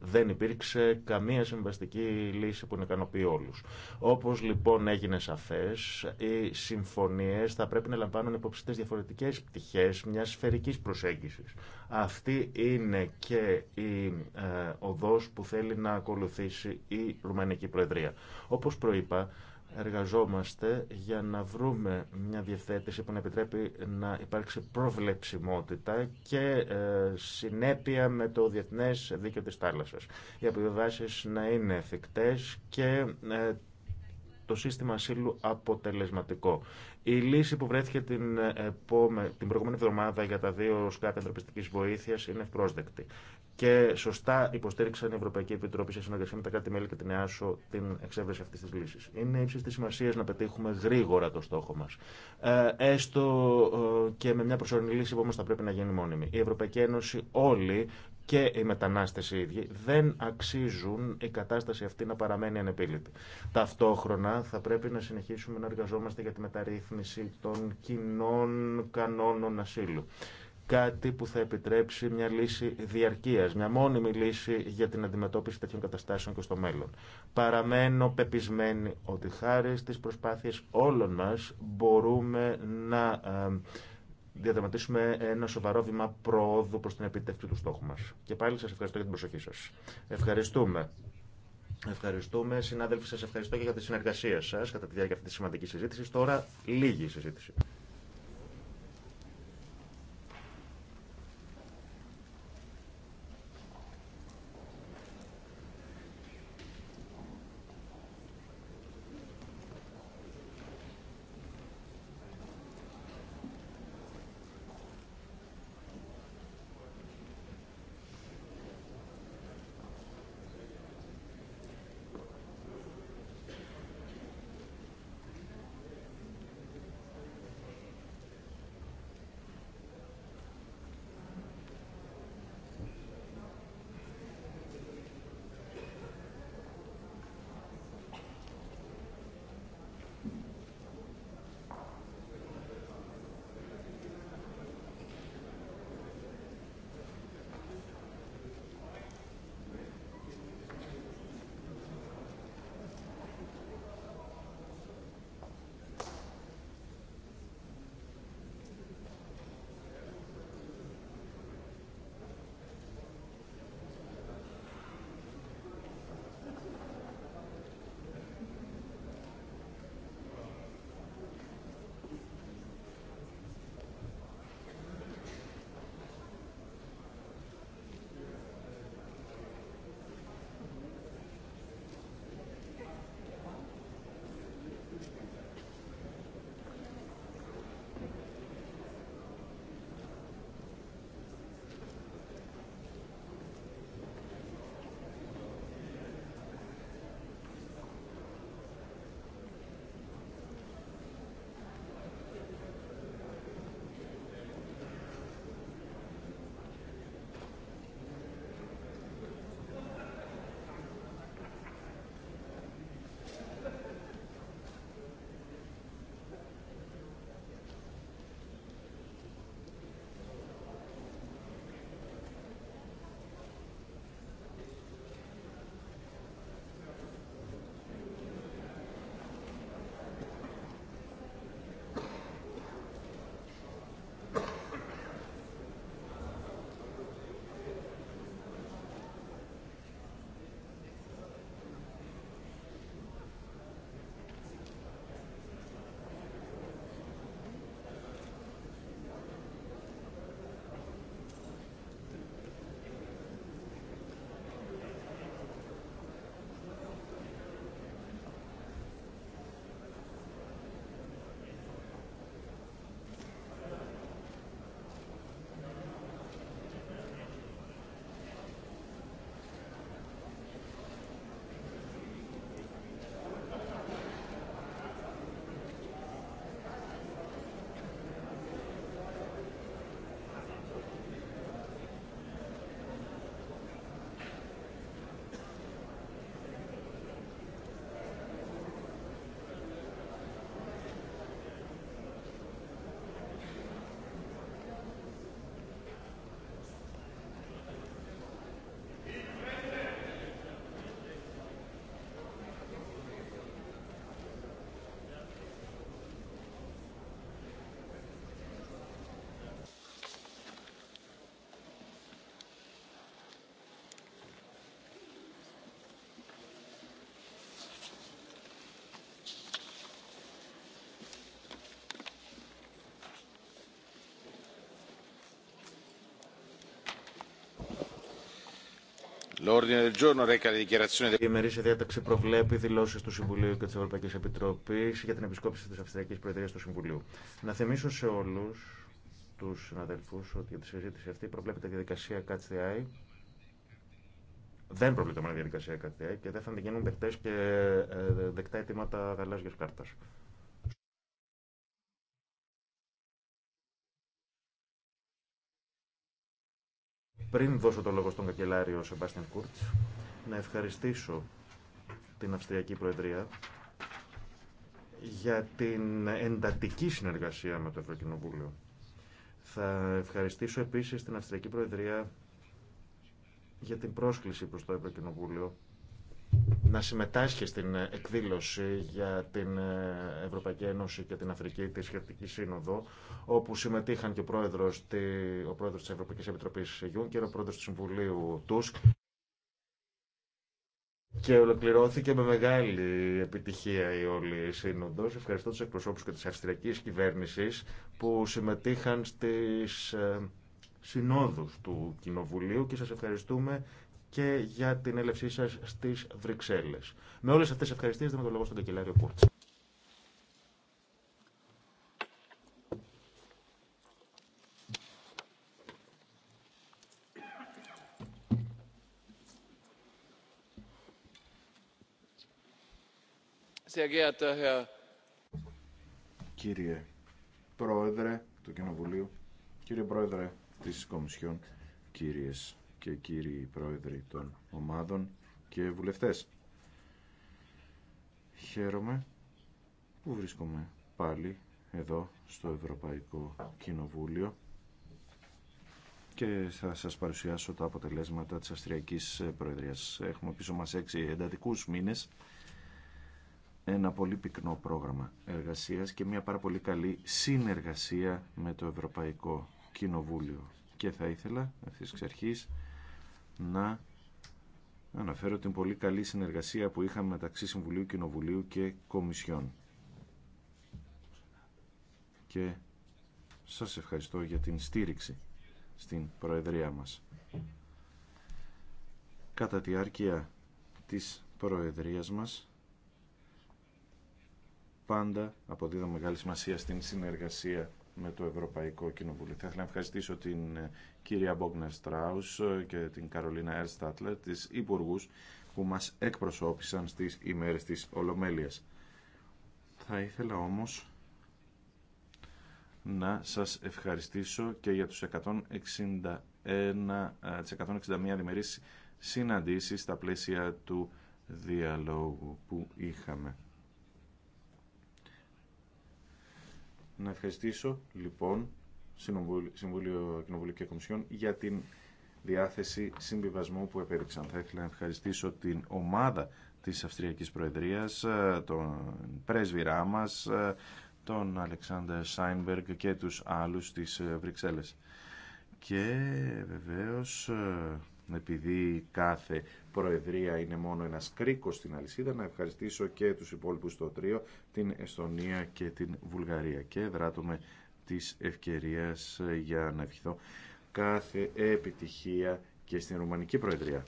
Δεν υπήρξε καμία συμβαστική λύση που να ικανοποιεί όλου. Όπω λοιπόν έγινε σαφέ, οι συμφωνίε θα πρέπει να λαμβάνουν υπόψη τι διαφορετικέ πτυχέ μια σφαιρική προσέγγιση. Αυτή είναι και η ε, οδό που θέλει να ακολουθήσει η Ρουμανική Προεδρία. Όπω προείπα, εργαζόμαστε για να βρούμε μια διευθέτηση που να επιτρέπει να υπάρξει προβλεψιμότητα και ε, συνέπεια με το διεθνές δίκαιο της θάλασσας. Οι αποβεβάσεις να είναι εφικτές και ε, το σύστημα ασύλου αποτελεσματικό. Η λύση που βρέθηκε την, ε, την προηγούμενη εβδομάδα για τα δύο σκάφη ανθρωπιστική βοήθειας είναι ευπρόσδεκτη και σωστά υποστήριξαν η Ευρωπαϊκή Επιτροπή σε συνεργασία με τα κράτη-μέλη και την ΕΑΣΟ την εξέβρεση αυτή τη λύση. Είναι ύψη τη σημασία να πετύχουμε γρήγορα το στόχο μα. Ε, έστω ε, και με μια προσωρινή λύση που όμω θα πρέπει να γίνει μόνιμη. Η Ευρωπαϊκή Ένωση όλοι και οι μετανάστε οι ίδιοι δεν αξίζουν η κατάσταση αυτή να παραμένει ανεπίλητη. Ταυτόχρονα θα πρέπει να συνεχίσουμε να εργαζόμαστε για τη μεταρρύθμιση των κοινών κανόνων ασύλου κάτι που θα επιτρέψει μια λύση διαρκεία, μια μόνιμη λύση για την αντιμετώπιση τέτοιων καταστάσεων και στο μέλλον. Παραμένω πεπισμένη ότι χάρη στι προσπάθειε όλων μα μπορούμε να ε, διαδραματίσουμε ένα σοβαρό βήμα προόδου προ την επιτεύξη του στόχου μα. Και πάλι σα ευχαριστώ για την προσοχή σα. Ευχαριστούμε. Ευχαριστούμε. Συνάδελφοι, σας ευχαριστώ και για τη συνεργασία σας κατά τη διάρκεια αυτής της σημαντικής συζήτησης. Τώρα λίγη συζήτηση. Η ημερήσια διάταξη προβλέπει δηλώσει του Συμβουλίου και τη Ευρωπαϊκή Επιτροπή για την επισκόπηση τη Αυστριακή Προεδρία του Συμβουλίου. Να θυμίσω σε όλου του συναδελφού ότι για τη συζήτηση αυτή προβλέπεται διαδικασία ΚΑΤΣΔΙ, Δεν προβλέπεται μόνο διαδικασία ΚΑΤΣΤΙΑΗ και δεν θα γίνουν δεκτέ και ε, δεκτά αιτήματα γαλάζια κάρτα. Πριν δώσω το λόγο στον κακελάριο Σεμπάστιαν κουρτ, να ευχαριστήσω την Αυστριακή Προεδρία για την εντατική συνεργασία με το Ευρωκοινοβούλιο. Θα ευχαριστήσω επίσης την Αυστριακή Προεδρία για την πρόσκληση προς το Ευρωκοινοβούλιο να συμμετάσχει στην ε, εκδήλωση για την ε, Ευρωπαϊκή Ένωση και την Αφρική, τη Σχετική Σύνοδο, όπου συμμετείχαν και ο πρόεδρος, ο Ευρωπαϊκή της Ευρωπαϊκής Επιτροπής Γιούνκερ, ο πρόεδρος του Συμβουλίου Τούσκ, και ολοκληρώθηκε με μεγάλη επιτυχία η όλη σύνοδο. Ευχαριστώ του εκπροσώπου και τη αυστριακή κυβέρνηση που συμμετείχαν στι ε, συνόδους του Κοινοβουλίου και σας ευχαριστούμε και για την έλευσή σα στι Βρυξέλλε. Με όλε αυτέ τι ευχαριστίε, δίνω το λόγο στον καγκελάριο Κούρτ. Κύριε Πρόεδρε του Κοινοβουλίου, κύριε Πρόεδρε της Κομισιόν, κύριες και κύριοι πρόεδροι των ομάδων και βουλευτές. Χαίρομαι που βρίσκομαι πάλι εδώ στο Ευρωπαϊκό Κοινοβούλιο και θα σας παρουσιάσω τα αποτελέσματα της Αυστριακής Προεδρίας. Έχουμε πίσω μας έξι εντατικούς μήνες, ένα πολύ πυκνό πρόγραμμα εργασίας και μια πάρα πολύ καλή συνεργασία με το Ευρωπαϊκό Κοινοβούλιο. Και θα ήθελα ευθύς ξερχής να αναφέρω την πολύ καλή συνεργασία που είχαμε μεταξύ Συμβουλίου, Κοινοβουλίου και Κομισιών. Και σας ευχαριστώ για την στήριξη στην Προεδρία μας. Κατά τη διάρκεια της Προεδρίας μας, πάντα αποδίδω μεγάλη σημασία στην συνεργασία με το Ευρωπαϊκό Κοινοβούλιο. Θα ήθελα να ευχαριστήσω την ε, κυρία Μπόγνερ Στράου ε, και την Καρολίνα Ερστάτλερ, τις υπουργού που μας εκπροσώπησαν στις ημέρες της Ολομέλειας. Θα ήθελα όμως να σας ευχαριστήσω και για τους 161, ε, τις 161 συναντήσεις στα πλαίσια του διαλόγου που είχαμε. Να ευχαριστήσω λοιπόν Συμβούλιο Κοινοβουλίου και Κομισιόν για την διάθεση συμβιβασμού που επέδειξαν. Θα ήθελα να ευχαριστήσω την ομάδα της Αυστριακής Προεδρίας, ε, τον πρέσβηρά μας, ε, τον Αλεξάνδρ Σάινμπεργκ και τους άλλους της ε, Βρυξέλλες. Και βεβαίως επειδή κάθε προεδρία είναι μόνο ένας κρίκος στην αλυσίδα, να ευχαριστήσω και τους υπόλοιπους στο τρίο, την Εστονία και την Βουλγαρία. Και δράτουμε της ευκαιρίας ε, για να ευχηθώ κάθε επιτυχία και στην Ρουμανική Προεδρία.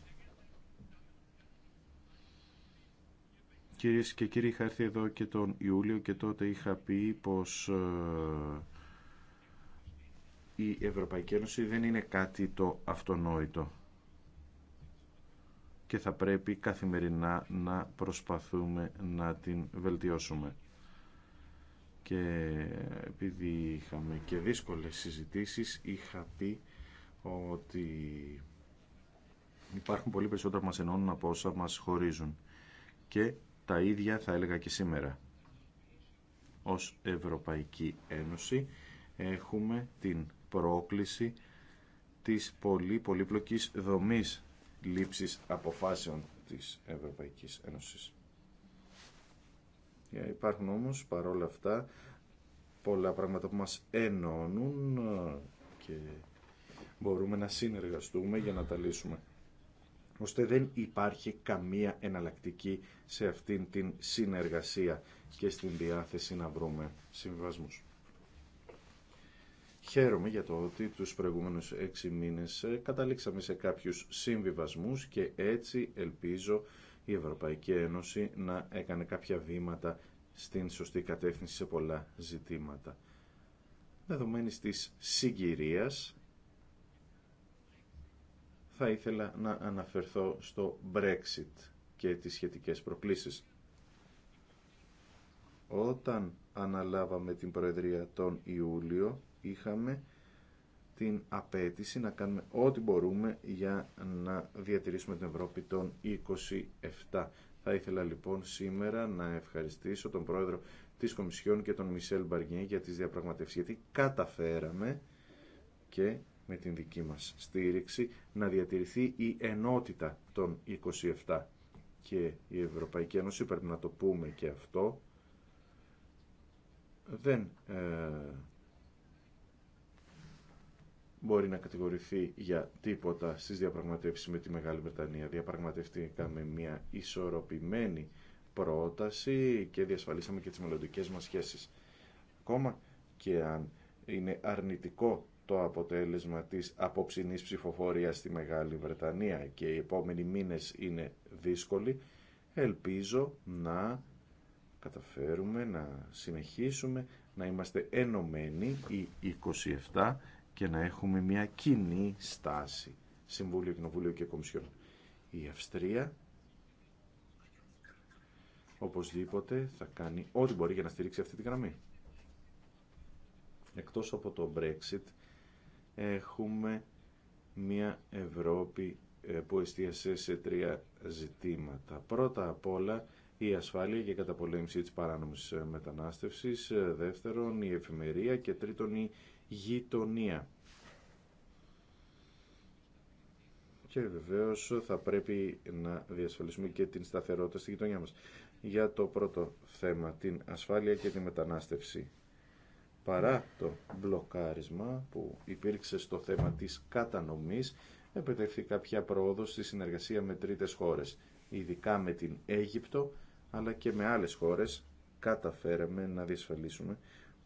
Κυρίε και κύριοι, είχα έρθει εδώ και τον Ιούλιο και τότε είχα πει πως ε, η Ευρωπαϊκή Ένωση δεν είναι κάτι το αυτονόητο και θα πρέπει καθημερινά να προσπαθούμε να την βελτιώσουμε. Και επειδή είχαμε και δύσκολες συζητήσεις, είχα πει ότι υπάρχουν πολύ περισσότερα που μας ενώνουν από όσα μας χωρίζουν. Και τα ίδια θα έλεγα και σήμερα. Ως Ευρωπαϊκή Ένωση έχουμε την πρόκληση της πολύ πολύπλοκης δομής λήψης αποφάσεων της Ευρωπαϊκής Ένωσης. Ε, υπάρχουν όμως παρόλα αυτά πολλά πράγματα που μας ενώνουν ε, και μπορούμε να συνεργαστούμε για να τα λύσουμε. Ώστε δεν υπάρχει καμία εναλλακτική σε αυτήν την συνεργασία και στην διάθεση να βρούμε συμβασμούς. Χαίρομαι για το ότι τους προηγούμενους έξι μήνες ε, καταλήξαμε σε κάποιους συμβιβασμούς και έτσι ελπίζω η Ευρωπαϊκή Ένωση να έκανε κάποια βήματα στην σωστή κατεύθυνση σε πολλά ζητήματα. Δεδομένης της συγκυρίας θα ήθελα να αναφερθώ στο Brexit και τις σχετικές προκλήσεις. Όταν αναλάβαμε την Προεδρία τον Ιούλιο, είχαμε την απέτηση να κάνουμε ό,τι μπορούμε για να διατηρήσουμε την Ευρώπη των 27. Θα ήθελα λοιπόν σήμερα να ευχαριστήσω τον πρόεδρο της Κομισιόν και τον Μισελ Μπαρνιέ για τις διαπραγματεύσεις, γιατί καταφέραμε και με την δική μας στήριξη να διατηρηθεί η ενότητα των 27 και η Ευρωπαϊκή Ένωση, πρέπει να το πούμε και αυτό, δεν ε, μπορεί να κατηγορηθεί για τίποτα στις διαπραγματεύσεις με τη Μεγάλη Βρετανία. Διαπραγματευτήκαμε μια ισορροπημένη πρόταση και διασφαλίσαμε και τις μελλοντικέ μας σχέσεις. Ακόμα και αν είναι αρνητικό το αποτέλεσμα της απόψινής ψηφοφορίας στη Μεγάλη Βρετανία και οι επόμενοι μήνες είναι δύσκολοι, ελπίζω να καταφέρουμε να συνεχίσουμε να είμαστε ενωμένοι οι 27 και να έχουμε μια κοινή στάση Συμβούλιο, Κοινοβούλιο και Κομισιόν. Η Αυστρία οπωσδήποτε θα κάνει ό,τι μπορεί για να στηρίξει αυτή τη γραμμή. Εκτός από το Brexit έχουμε μια Ευρώπη ε, που εστίασε σε τρία ζητήματα. Πρώτα απ' όλα η ασφάλεια και η καταπολέμηση της παράνομης ε, μετανάστευσης, ε, δεύτερον η εφημερία και τρίτον η γειτονία. Και βεβαίως θα πρέπει να διασφαλίσουμε και την σταθερότητα στη γειτονιά μας. Για το πρώτο θέμα, την ασφάλεια και τη μετανάστευση. Παρά το μπλοκάρισμα που υπήρξε στο θέμα της κατανομής, επετεύχθη κάποια πρόοδο στη συνεργασία με τρίτες χώρες, ειδικά με την Αίγυπτο, αλλά και με άλλες χώρες καταφέραμε να διασφαλίσουμε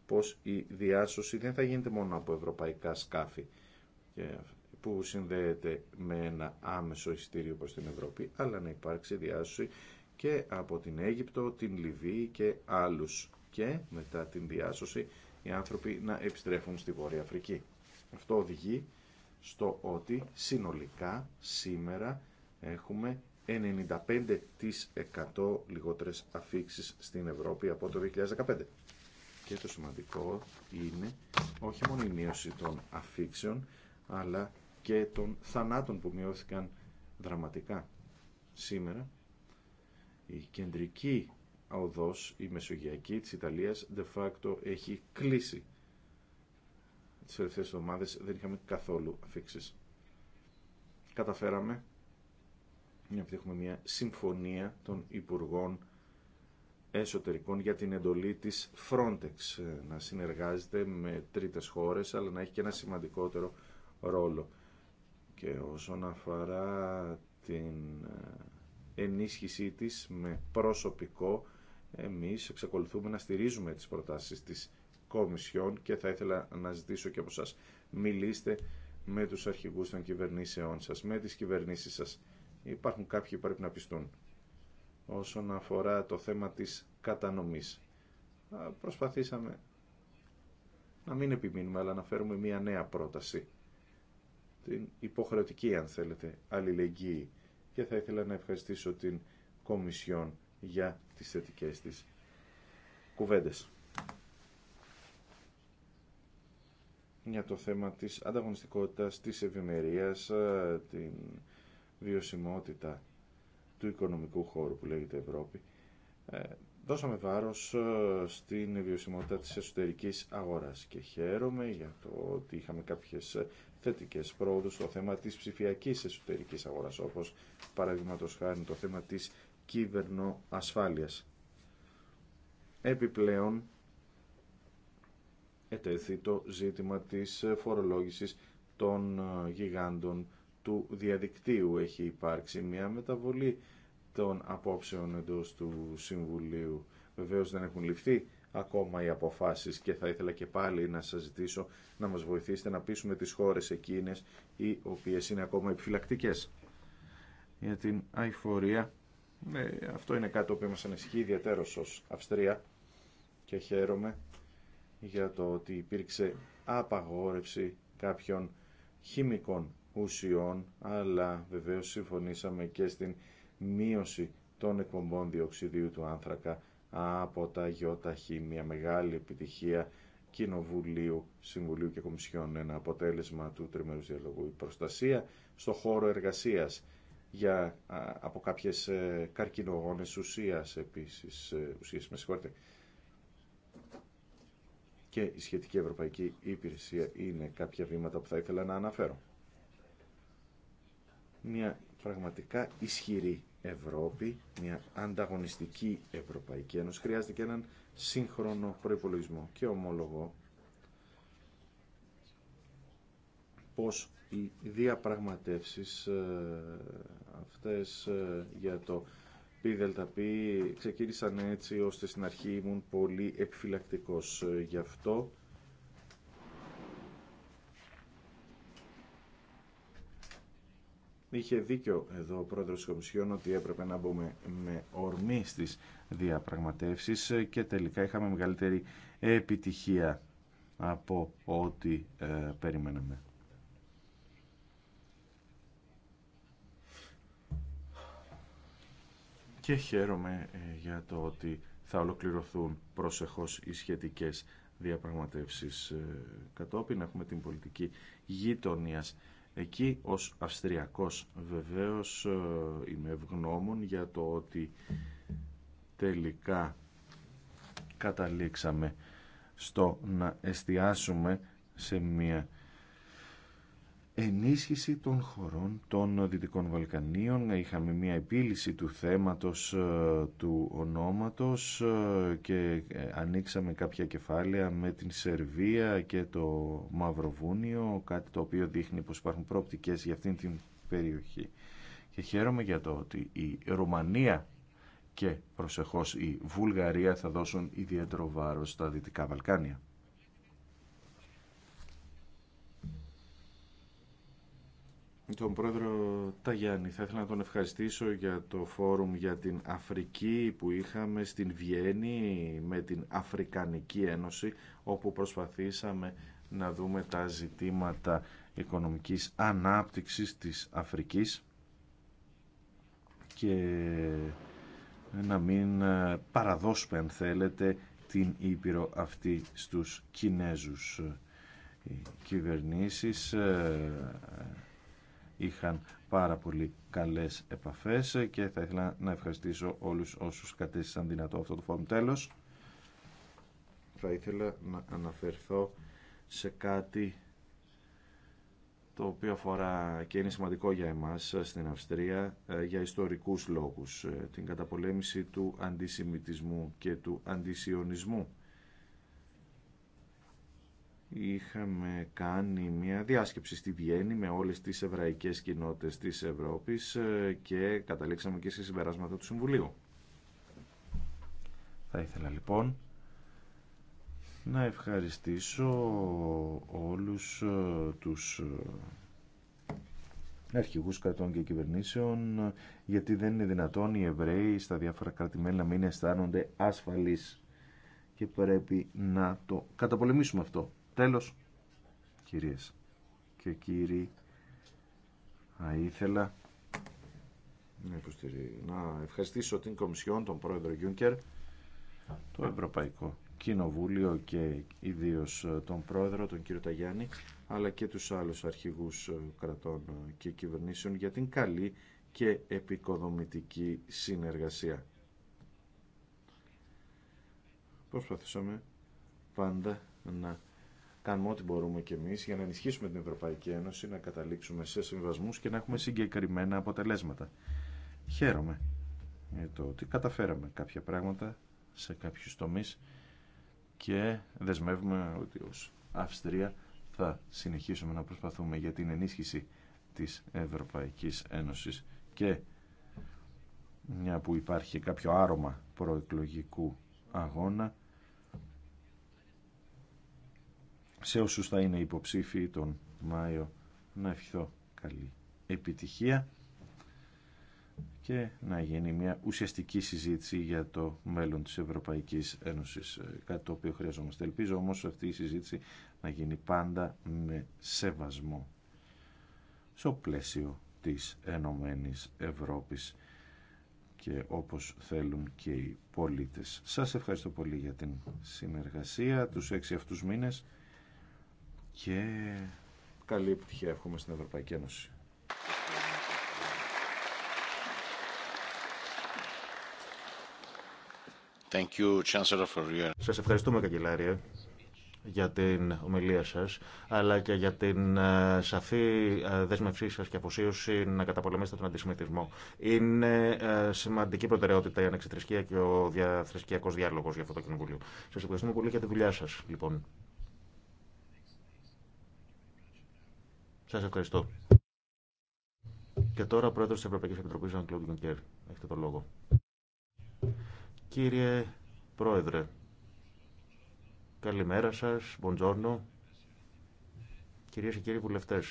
πως η διάσωση δεν θα γίνεται μόνο από ευρωπαϊκά σκάφη που συνδέεται με ένα άμεσο ειστήριο προς την Ευρώπη, αλλά να υπάρξει διάσωση και από την Αίγυπτο, την Λιβύη και άλλους. Και μετά την διάσωση οι άνθρωποι να επιστρέφουν στη Βόρεια Αφρική. Αυτό οδηγεί στο ότι συνολικά σήμερα έχουμε 95% λιγότερες αφήξεις στην Ευρώπη από το 2015 και το σημαντικό είναι όχι μόνο η μείωση των αφήξεων αλλά και των θανάτων που μειώθηκαν δραματικά σήμερα η κεντρική οδός η μεσογειακή της Ιταλίας de facto έχει κλείσει τις τελευταίες εβδομάδες δεν είχαμε καθόλου αφήξεις καταφέραμε να έχουμε μια συμφωνία των Υπουργών εσωτερικών για την εντολή της Frontex ε, να συνεργάζεται με τρίτες χώρες αλλά να έχει και ένα σημαντικότερο ρόλο και όσον αφορά την ε, ενίσχυσή της με προσωπικό εμείς εξακολουθούμε να στηρίζουμε τις προτάσεις της Κομισιόν και θα ήθελα να ζητήσω και από σας μιλήστε με τους αρχηγούς των κυβερνήσεών σας, με τις κυβερνήσεις σας υπάρχουν κάποιοι που πρέπει να πιστούν όσον αφορά το θέμα της κατανομής. Προσπαθήσαμε να μην επιμείνουμε, αλλά να φέρουμε μία νέα πρόταση. Την υποχρεωτική, αν θέλετε, αλληλεγγύη. Και θα ήθελα να ευχαριστήσω την Κομισιόν για τις θετικές της κουβέντες. Για το θέμα της ανταγωνιστικότητας, της ευημερίας, την βιωσιμότητα του οικονομικού χώρου που λέγεται Ευρώπη, ε, δώσαμε βάρος ε, στην βιωσιμότητα της εσωτερικής αγοράς και χαίρομαι για το ότι είχαμε κάποιες ε, θετικές πρόοδους στο θέμα της ψηφιακής εσωτερικής αγοράς, όπως παραδείγματος χάρη το θέμα της κυβερνοασφάλειας. Επιπλέον, ετέθη το ζήτημα της φορολόγησης των γιγάντων του διαδικτύου. Έχει υπάρξει μια μεταβολή των απόψεων εντός του Συμβουλίου. Βεβαίως δεν έχουν ληφθεί ακόμα οι αποφάσεις και θα ήθελα και πάλι να σας ζητήσω να μας βοηθήσετε να πείσουμε τις χώρες εκείνες οι οποίες είναι ακόμα επιφυλακτικές για την αηφορία. Ε, αυτό είναι κάτι που μας ανησυχεί ιδιαίτερος ως Αυστρία και χαίρομαι για το ότι υπήρξε απαγόρευση κάποιων χημικών ουσιών αλλά βεβαίως συμφωνήσαμε και στην μείωση των εκπομπών διοξιδίου του άνθρακα από τα ΙΟΤΑΧΗ, μια μεγάλη επιτυχία Κοινοβουλίου, Συμβουλίου και Κομισιόν. ένα αποτέλεσμα του τριμερούς διαλογού. Η προστασία στο χώρο εργασίας για, από κάποιες ε, καρκινογόνες ουσίας επίσης, ε, ουσίες με και η σχετική Ευρωπαϊκή Υπηρεσία είναι κάποια βήματα που θα ήθελα να αναφέρω. Μια πραγματικά ισχυρή Ευρώπη, μια ανταγωνιστική Ευρωπαϊκή Ένωση. Χρειάζεται και έναν σύγχρονο προϋπολογισμό και ομολογώ πως οι διαπραγματεύσεις ε, αυτές ε, για το ΠΔΠ ξεκίνησαν έτσι ώστε στην αρχή ήμουν πολύ επιφυλακτικός ε, γι' αυτό Είχε δίκιο εδώ ο πρόεδρος της Κομισιόν ότι έπρεπε να μπούμε με ορμή στις διαπραγματεύσεις και τελικά είχαμε μεγαλύτερη επιτυχία από ό,τι ε, περιμέναμε. Και χαίρομαι ε, για το ότι θα ολοκληρωθούν προσεχώς οι σχετικές διαπραγματεύσεις ε, κατόπιν. Έχουμε την πολιτική γειτονίας εκεί ως Αυστριακός βεβαίως ε, είμαι ευγνώμων για το ότι τελικά καταλήξαμε στο να εστιάσουμε σε μια ενίσχυση των χωρών των Δυτικών Βαλκανίων. Είχαμε μια επίλυση του θέματος ε, του ονόματος ε, και ε, ανοίξαμε κάποια κεφάλαια με την Σερβία και το Μαυροβούνιο, κάτι το οποίο δείχνει πως υπάρχουν πρόπτικες για αυτήν την περιοχή. Και χαίρομαι για το ότι η Ρουμανία και προσεχώς η Βουλγαρία θα δώσουν ιδιαίτερο βάρος στα Δυτικά Βαλκάνια. τον πρόεδρο Ταγιάννη. Θα ήθελα να τον ευχαριστήσω για το φόρουμ για την Αφρική που είχαμε στην Βιέννη με την Αφρικανική Ένωση όπου προσπαθήσαμε να δούμε τα ζητήματα οικονομικής ανάπτυξης της Αφρικής και να μην ε, παραδώσουμε αν θέλετε την Ήπειρο αυτή στους Κινέζους κυβερνήσεις ε, είχαν πάρα πολύ καλές επαφές και θα ήθελα να ευχαριστήσω όλους όσους κατέστησαν δυνατό αυτό το φόρουμ. Τέλος, θα ήθελα να αναφερθώ σε κάτι το οποίο αφορά και είναι σημαντικό για εμάς στην Αυστρία ε, για ιστορικούς λόγους, ε, την καταπολέμηση του αντισημιτισμού και του αντισιωνισμού είχαμε κάνει μια διάσκεψη στη Βιέννη με όλες τις εβραϊκές κοινότητες της Ευρώπης ε, και καταλήξαμε και σε συμπεράσματα του Συμβουλίου. Θα ήθελα λοιπόν να ευχαριστήσω όλους ε, τους ε, αρχηγούς κρατών και κυβερνήσεων γιατί δεν είναι δυνατόν οι Εβραίοι στα διάφορα κρατημένα να μην αισθάνονται ασφαλείς και πρέπει να το καταπολεμήσουμε αυτό. Τέλος, κυρίες και κύριοι, θα ήθελα να ευχαριστήσω την Κομισιόν, τον πρόεδρο Γιούνκερ, το Ευρωπαϊκό Κοινοβούλιο και ιδίως ε, τον πρόεδρο, τον κύριο Ταγιάννη, αλλά και τους άλλους αρχηγούς ε, κρατών ε, και κυβερνήσεων για την καλή και επικοδομητική συνεργασία. Προσπαθήσαμε πάντα να κάνουμε ό,τι μπορούμε κι εμείς για να ενισχύσουμε την Ευρωπαϊκή Ένωση, να καταλήξουμε σε συμβασμούς και να έχουμε συγκεκριμένα αποτελέσματα. Χαίρομαι για το ότι καταφέραμε κάποια πράγματα σε κάποιους τομείς και δεσμεύουμε ότι ως Αυστρία θα συνεχίσουμε να προσπαθούμε για την ενίσχυση της Ευρωπαϊκής Ένωσης και μια που υπάρχει κάποιο άρωμα προεκλογικού αγώνα σε όσους θα είναι υποψήφοι τον Μάιο να ευχηθώ καλή επιτυχία και να γίνει μια ουσιαστική συζήτηση για το μέλλον της Ευρωπαϊκής Ένωσης, ε, κάτι το οποίο χρειαζόμαστε. Ελπίζω όμως αυτή η συζήτηση να γίνει πάντα με σεβασμό στο πλαίσιο της Ενωμένης Ευρώπης και όπως θέλουν και οι πολίτες. Σας ευχαριστώ πολύ για την συνεργασία τους έξι αυτούς μήνες και καλή επιτυχία εύχομαι στην Ευρωπαϊκή Ένωση. Thank you, Chancellor, for your... Σας ευχαριστούμε, Καγκελάρια, για την ομιλία σας, αλλά και για την ε, σαφή ε, δέσμευσή σας και αποσίωση να καταπολεμήσετε τον αντισημιτισμό. Είναι ε, σημαντική προτεραιότητα η ανεξιθρησκεία και ο διαθρησκειακός διάλογος για αυτό το κοινοβούλιο. Σας ευχαριστούμε πολύ για τη δουλειά σας, λοιπόν. Σα ευχαριστώ. Και τώρα ο πρόεδρο τη Ευρωπαϊκή Επιτροπή, Ζαν Κλόντ Γιονκέρ. Έχετε το λόγο. Κύριε Πρόεδρε, καλημέρα σα, μποντζόρνο, κύριε και κύριοι βουλευτέ,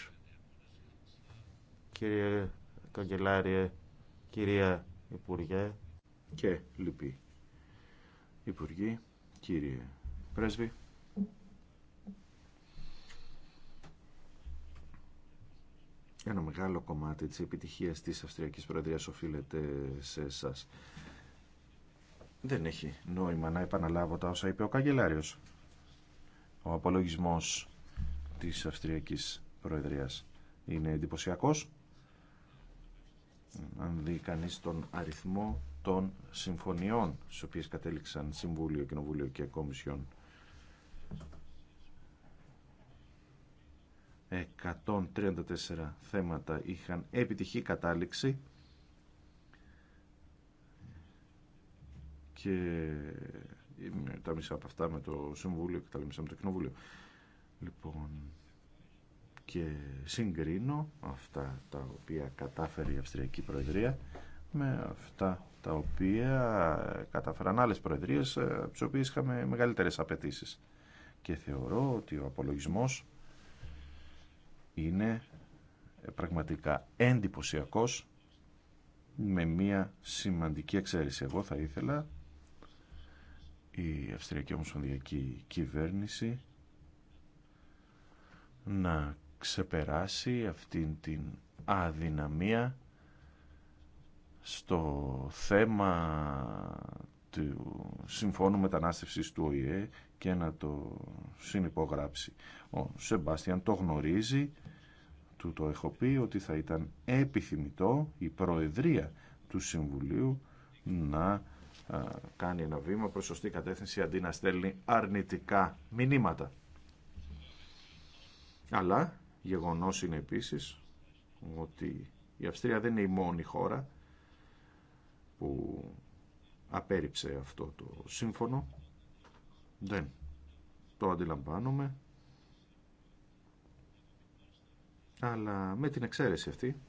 κύριε Καγκελάριε, κυρία Υπουργέ και λοιποί. Υπουργοί, κύριε Πρέσβη, Ένα μεγάλο κομμάτι της επιτυχίας της Αυστριακής Προεδρίας οφείλεται σε εσά. Δεν έχει νόημα να επαναλάβω τα όσα είπε ο Καγκελάριος. Ο απολογισμός της Αυστριακής Προεδρίας είναι εντυπωσιακό, Αν δει κανεί τον αριθμό των συμφωνιών στις οποίες κατέληξαν Συμβούλιο, Κοινοβούλιο και Κομισιόν 134 θέματα είχαν επιτυχή κατάληξη και τα μισά από αυτά με το Συμβούλιο και τα μισά με το Κοινοβούλιο. Λοιπόν, και συγκρίνω αυτά τα οποία κατάφερε η Αυστριακή Προεδρία με αυτά τα οποία κατάφεραν άλλες προεδρίες ε, από τις οποίες είχαμε μεγαλύτερες απαιτήσεις. Και θεωρώ ότι ο απολογισμός είναι ε, πραγματικά εντυπωσιακό με μια σημαντική εξαίρεση. Εγώ θα ήθελα η Αυστριακή Ομοσπονδιακή Κυβέρνηση να ξεπεράσει αυτήν την αδυναμία στο θέμα του Συμφώνου Μετανάστευσης του ΟΗΕ και να το συνυπογράψει. Ο Σεμπάστιαν το γνωρίζει, του το έχω πει ότι θα ήταν επιθυμητό η Προεδρία του Συμβουλίου να κάνει ένα βήμα προς σωστή κατεύθυνση αντί να στέλνει αρνητικά μηνύματα. Αλλά γεγονός είναι επίσης ότι η Αυστρία δεν είναι η μόνη χώρα που απέριψε αυτό το σύμφωνο. Δεν το αντιλαμβάνομαι. Αλλά με την εξαίρεση αυτή,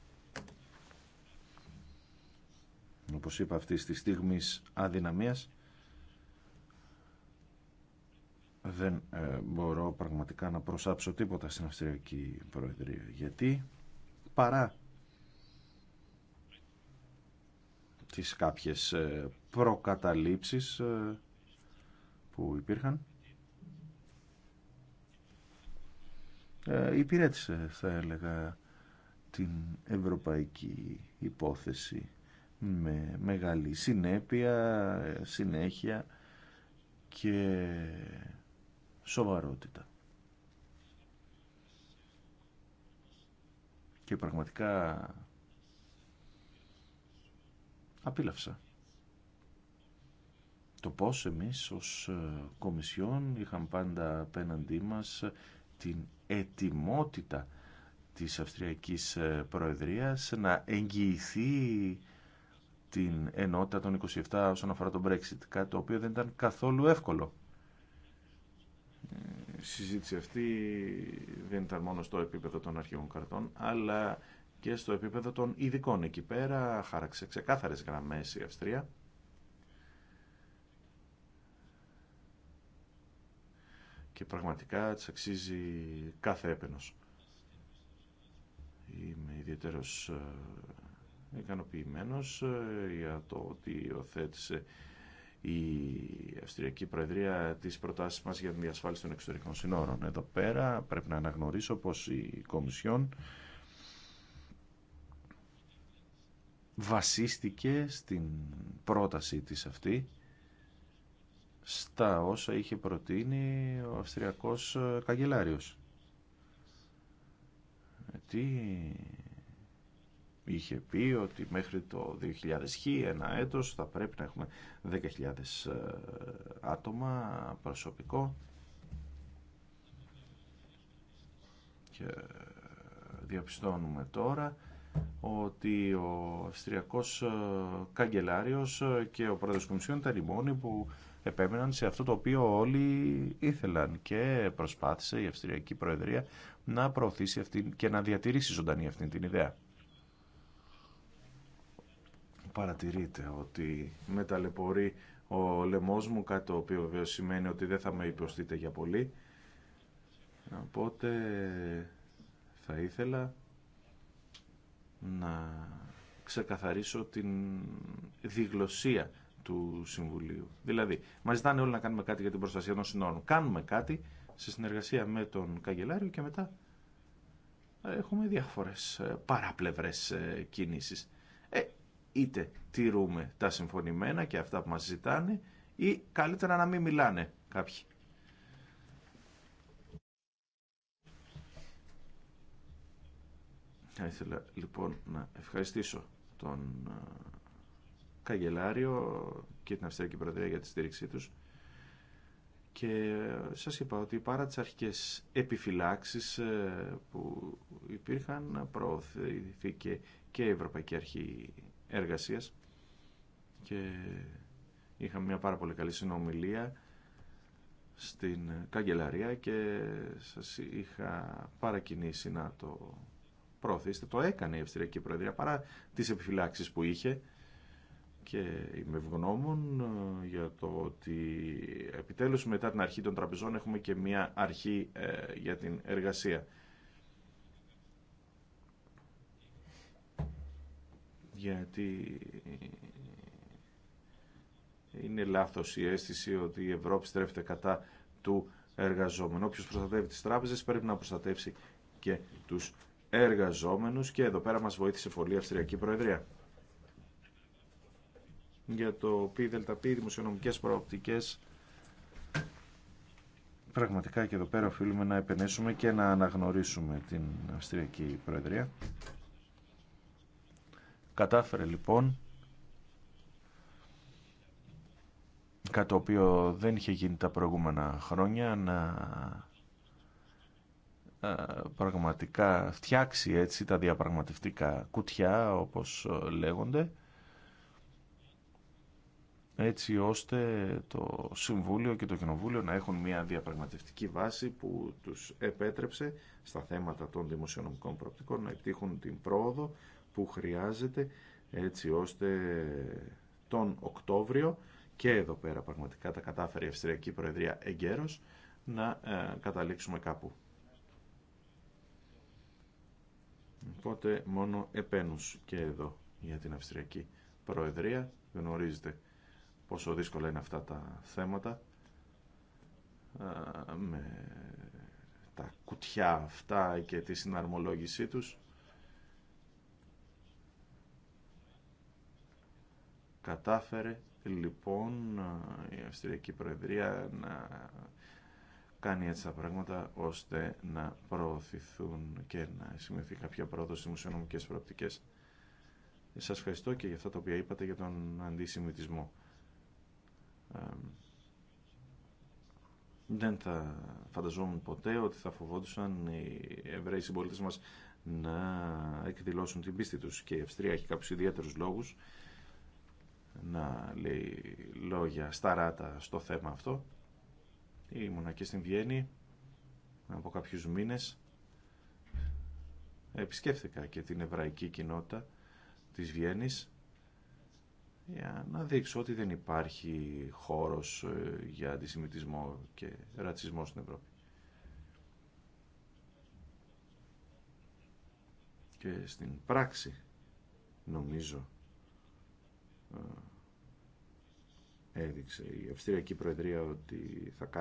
όπως είπα αυτή τη στιγμή αδυναμίας, δεν ε, μπορώ πραγματικά να προσάψω τίποτα στην Αυστριακή Προεδρία. Γιατί παρά τις κάποιες ε, προκαταλήψεις ε, που υπήρχαν ε, υπηρέτησε θα έλεγα την ευρωπαϊκή υπόθεση με μεγάλη συνέπεια, ε, συνέχεια και σοβαρότητα. Και πραγματικά απίλαυσα το πώς εμείς ως ε, Κομισιόν είχαμε πάντα απέναντί μας την ετοιμότητα της Αυστριακής ε, Προεδρίας να εγγυηθεί την ενότητα των 27 όσον αφορά τον Brexit, κάτι το οποίο δεν ήταν καθόλου εύκολο. Ε, η συζήτηση αυτή δεν ήταν μόνο στο επίπεδο των αρχηγών καρτών, αλλά και στο επίπεδο των ειδικών. Εκεί πέρα χάραξε ξεκάθαρες γραμμές η Αυστρία και πραγματικά τη αξίζει κάθε έπαινος. Είμαι ιδιαίτερος ε, ικανοποιημένος ε, για το ότι οθέτησε η Αυστριακή Προεδρία τις προτάσεις μας για την διασφάλιση των εξωτερικών συνόρων. Εδώ πέρα πρέπει να αναγνωρίσω πως η Κομισιόν βασίστηκε στην πρόταση της αυτή στα όσα είχε προτείνει ο Αυστριακός ε, Καγκελάριος. Τι είχε πει ότι μέχρι το 2000 ένα έτος, θα πρέπει να έχουμε 10.000 ε, άτομα προσωπικό και διαπιστώνουμε τώρα ότι ο Αυστριακός ε, Καγκελάριος και ο Πρόεδρος Κομισιόν ήταν οι μόνοι που επέμεναν σε αυτό το οποίο όλοι ήθελαν και προσπάθησε η Αυστριακή Προεδρία να προωθήσει αυτή και να διατηρήσει ζωντανή αυτή την ιδέα. Παρατηρείτε ότι με ταλαιπωρεί ο λαιμό μου, κάτι το οποίο βέβαια σημαίνει ότι δεν θα με υποστείτε για πολύ. Οπότε θα ήθελα να ξεκαθαρίσω την διγλωσία του Συμβουλίου. Δηλαδή, μα ζητάνε όλοι να κάνουμε κάτι για την προστασία των συνόρων. Κάνουμε κάτι σε συνεργασία με τον Καγκελάριο και μετά έχουμε διάφορες ε, παραπλευρές ε, κινήσεις. Ε, είτε τηρούμε τα συμφωνημένα και αυτά που μα ζητάνε ή καλύτερα να μην μιλάνε κάποιοι. Θα ήθελα λοιπόν να ευχαριστήσω τον ε, καγκελάριο και την Αυστριακή Προεδρία για τη στήριξή τους και σας είπα ότι παρά τις αρχικές επιφυλάξεις ε, που υπήρχαν προωθήθηκε και η Ευρωπαϊκή Αρχή Εργασίας και είχαμε μια πάρα πολύ καλή συνομιλία στην καγκελαρία και σας είχα παρακινήσει να το προωθήσετε. Το έκανε η Αυστριακή Προεδρία παρά τις επιφυλάξεις που είχε και είμαι ευγνώμων ε, για το ότι επιτέλους μετά την αρχή των τραπεζών έχουμε και μια αρχή ε, για την εργασία. Γιατί είναι λάθος η αίσθηση ότι η Ευρώπη στρέφεται κατά του εργαζόμενου. Όποιος προστατεύει τις τράπεζες πρέπει να προστατεύσει και τους εργαζόμενους και εδώ πέρα μας βοήθησε πολύ η Αυστριακή Προεδρία για το ΠΔΠ, δημοσιονομικές προοπτικές. Πραγματικά και εδώ πέρα οφείλουμε να επενέσουμε και να αναγνωρίσουμε την Αυστριακή Προεδρία. Κατάφερε λοιπόν κάτι το οποίο δεν είχε γίνει τα προηγούμενα χρόνια να πραγματικά φτιάξει έτσι τα διαπραγματευτικά κουτιά όπως ε, λέγονται έτσι ώστε το Συμβούλιο και το Κοινοβούλιο να έχουν μια διαπραγματευτική βάση που τους επέτρεψε στα θέματα των δημοσιονομικών προοπτικών να επιτύχουν την πρόοδο που χρειάζεται έτσι ώστε τον Οκτώβριο και εδώ πέρα πραγματικά τα κατάφερε η Αυστριακή Προεδρία εγκαίρως να ε, καταλήξουμε κάπου. Οπότε μόνο επένους και εδώ για την Αυστριακή Προεδρία γνωρίζετε πόσο δύσκολα είναι αυτά τα θέματα με τα κουτιά αυτά και τη συναρμολόγησή τους κατάφερε λοιπόν η Αυστριακή Προεδρία να κάνει έτσι τα πράγματα ώστε να προωθηθούν και να σημειωθεί κάποια πρόοδο στις μουσιονομικές προοπτικές. Σας ευχαριστώ και για αυτά τα οποία είπατε για τον αντισημιτισμό δεν θα φανταζόμουν ποτέ ότι θα φοβόντουσαν οι Εβραίοι συμπολίτε μας να εκδηλώσουν την πίστη τους και η Αυστρία έχει κάποιους ιδιαίτερους λόγους να λέει λόγια σταράτα στο θέμα αυτό ήμουνα και στην Βιέννη από κάποιους μήνες επισκέφθηκα και την εβραϊκή κοινότητα της Βιέννης για να δείξω ότι δεν υπάρχει χώρος ε, για αντισημιτισμό και ρατσισμό στην Ευρώπη. Και στην πράξη νομίζω ε, έδειξε η Αυστριακή Προεδρία ότι θα κάνει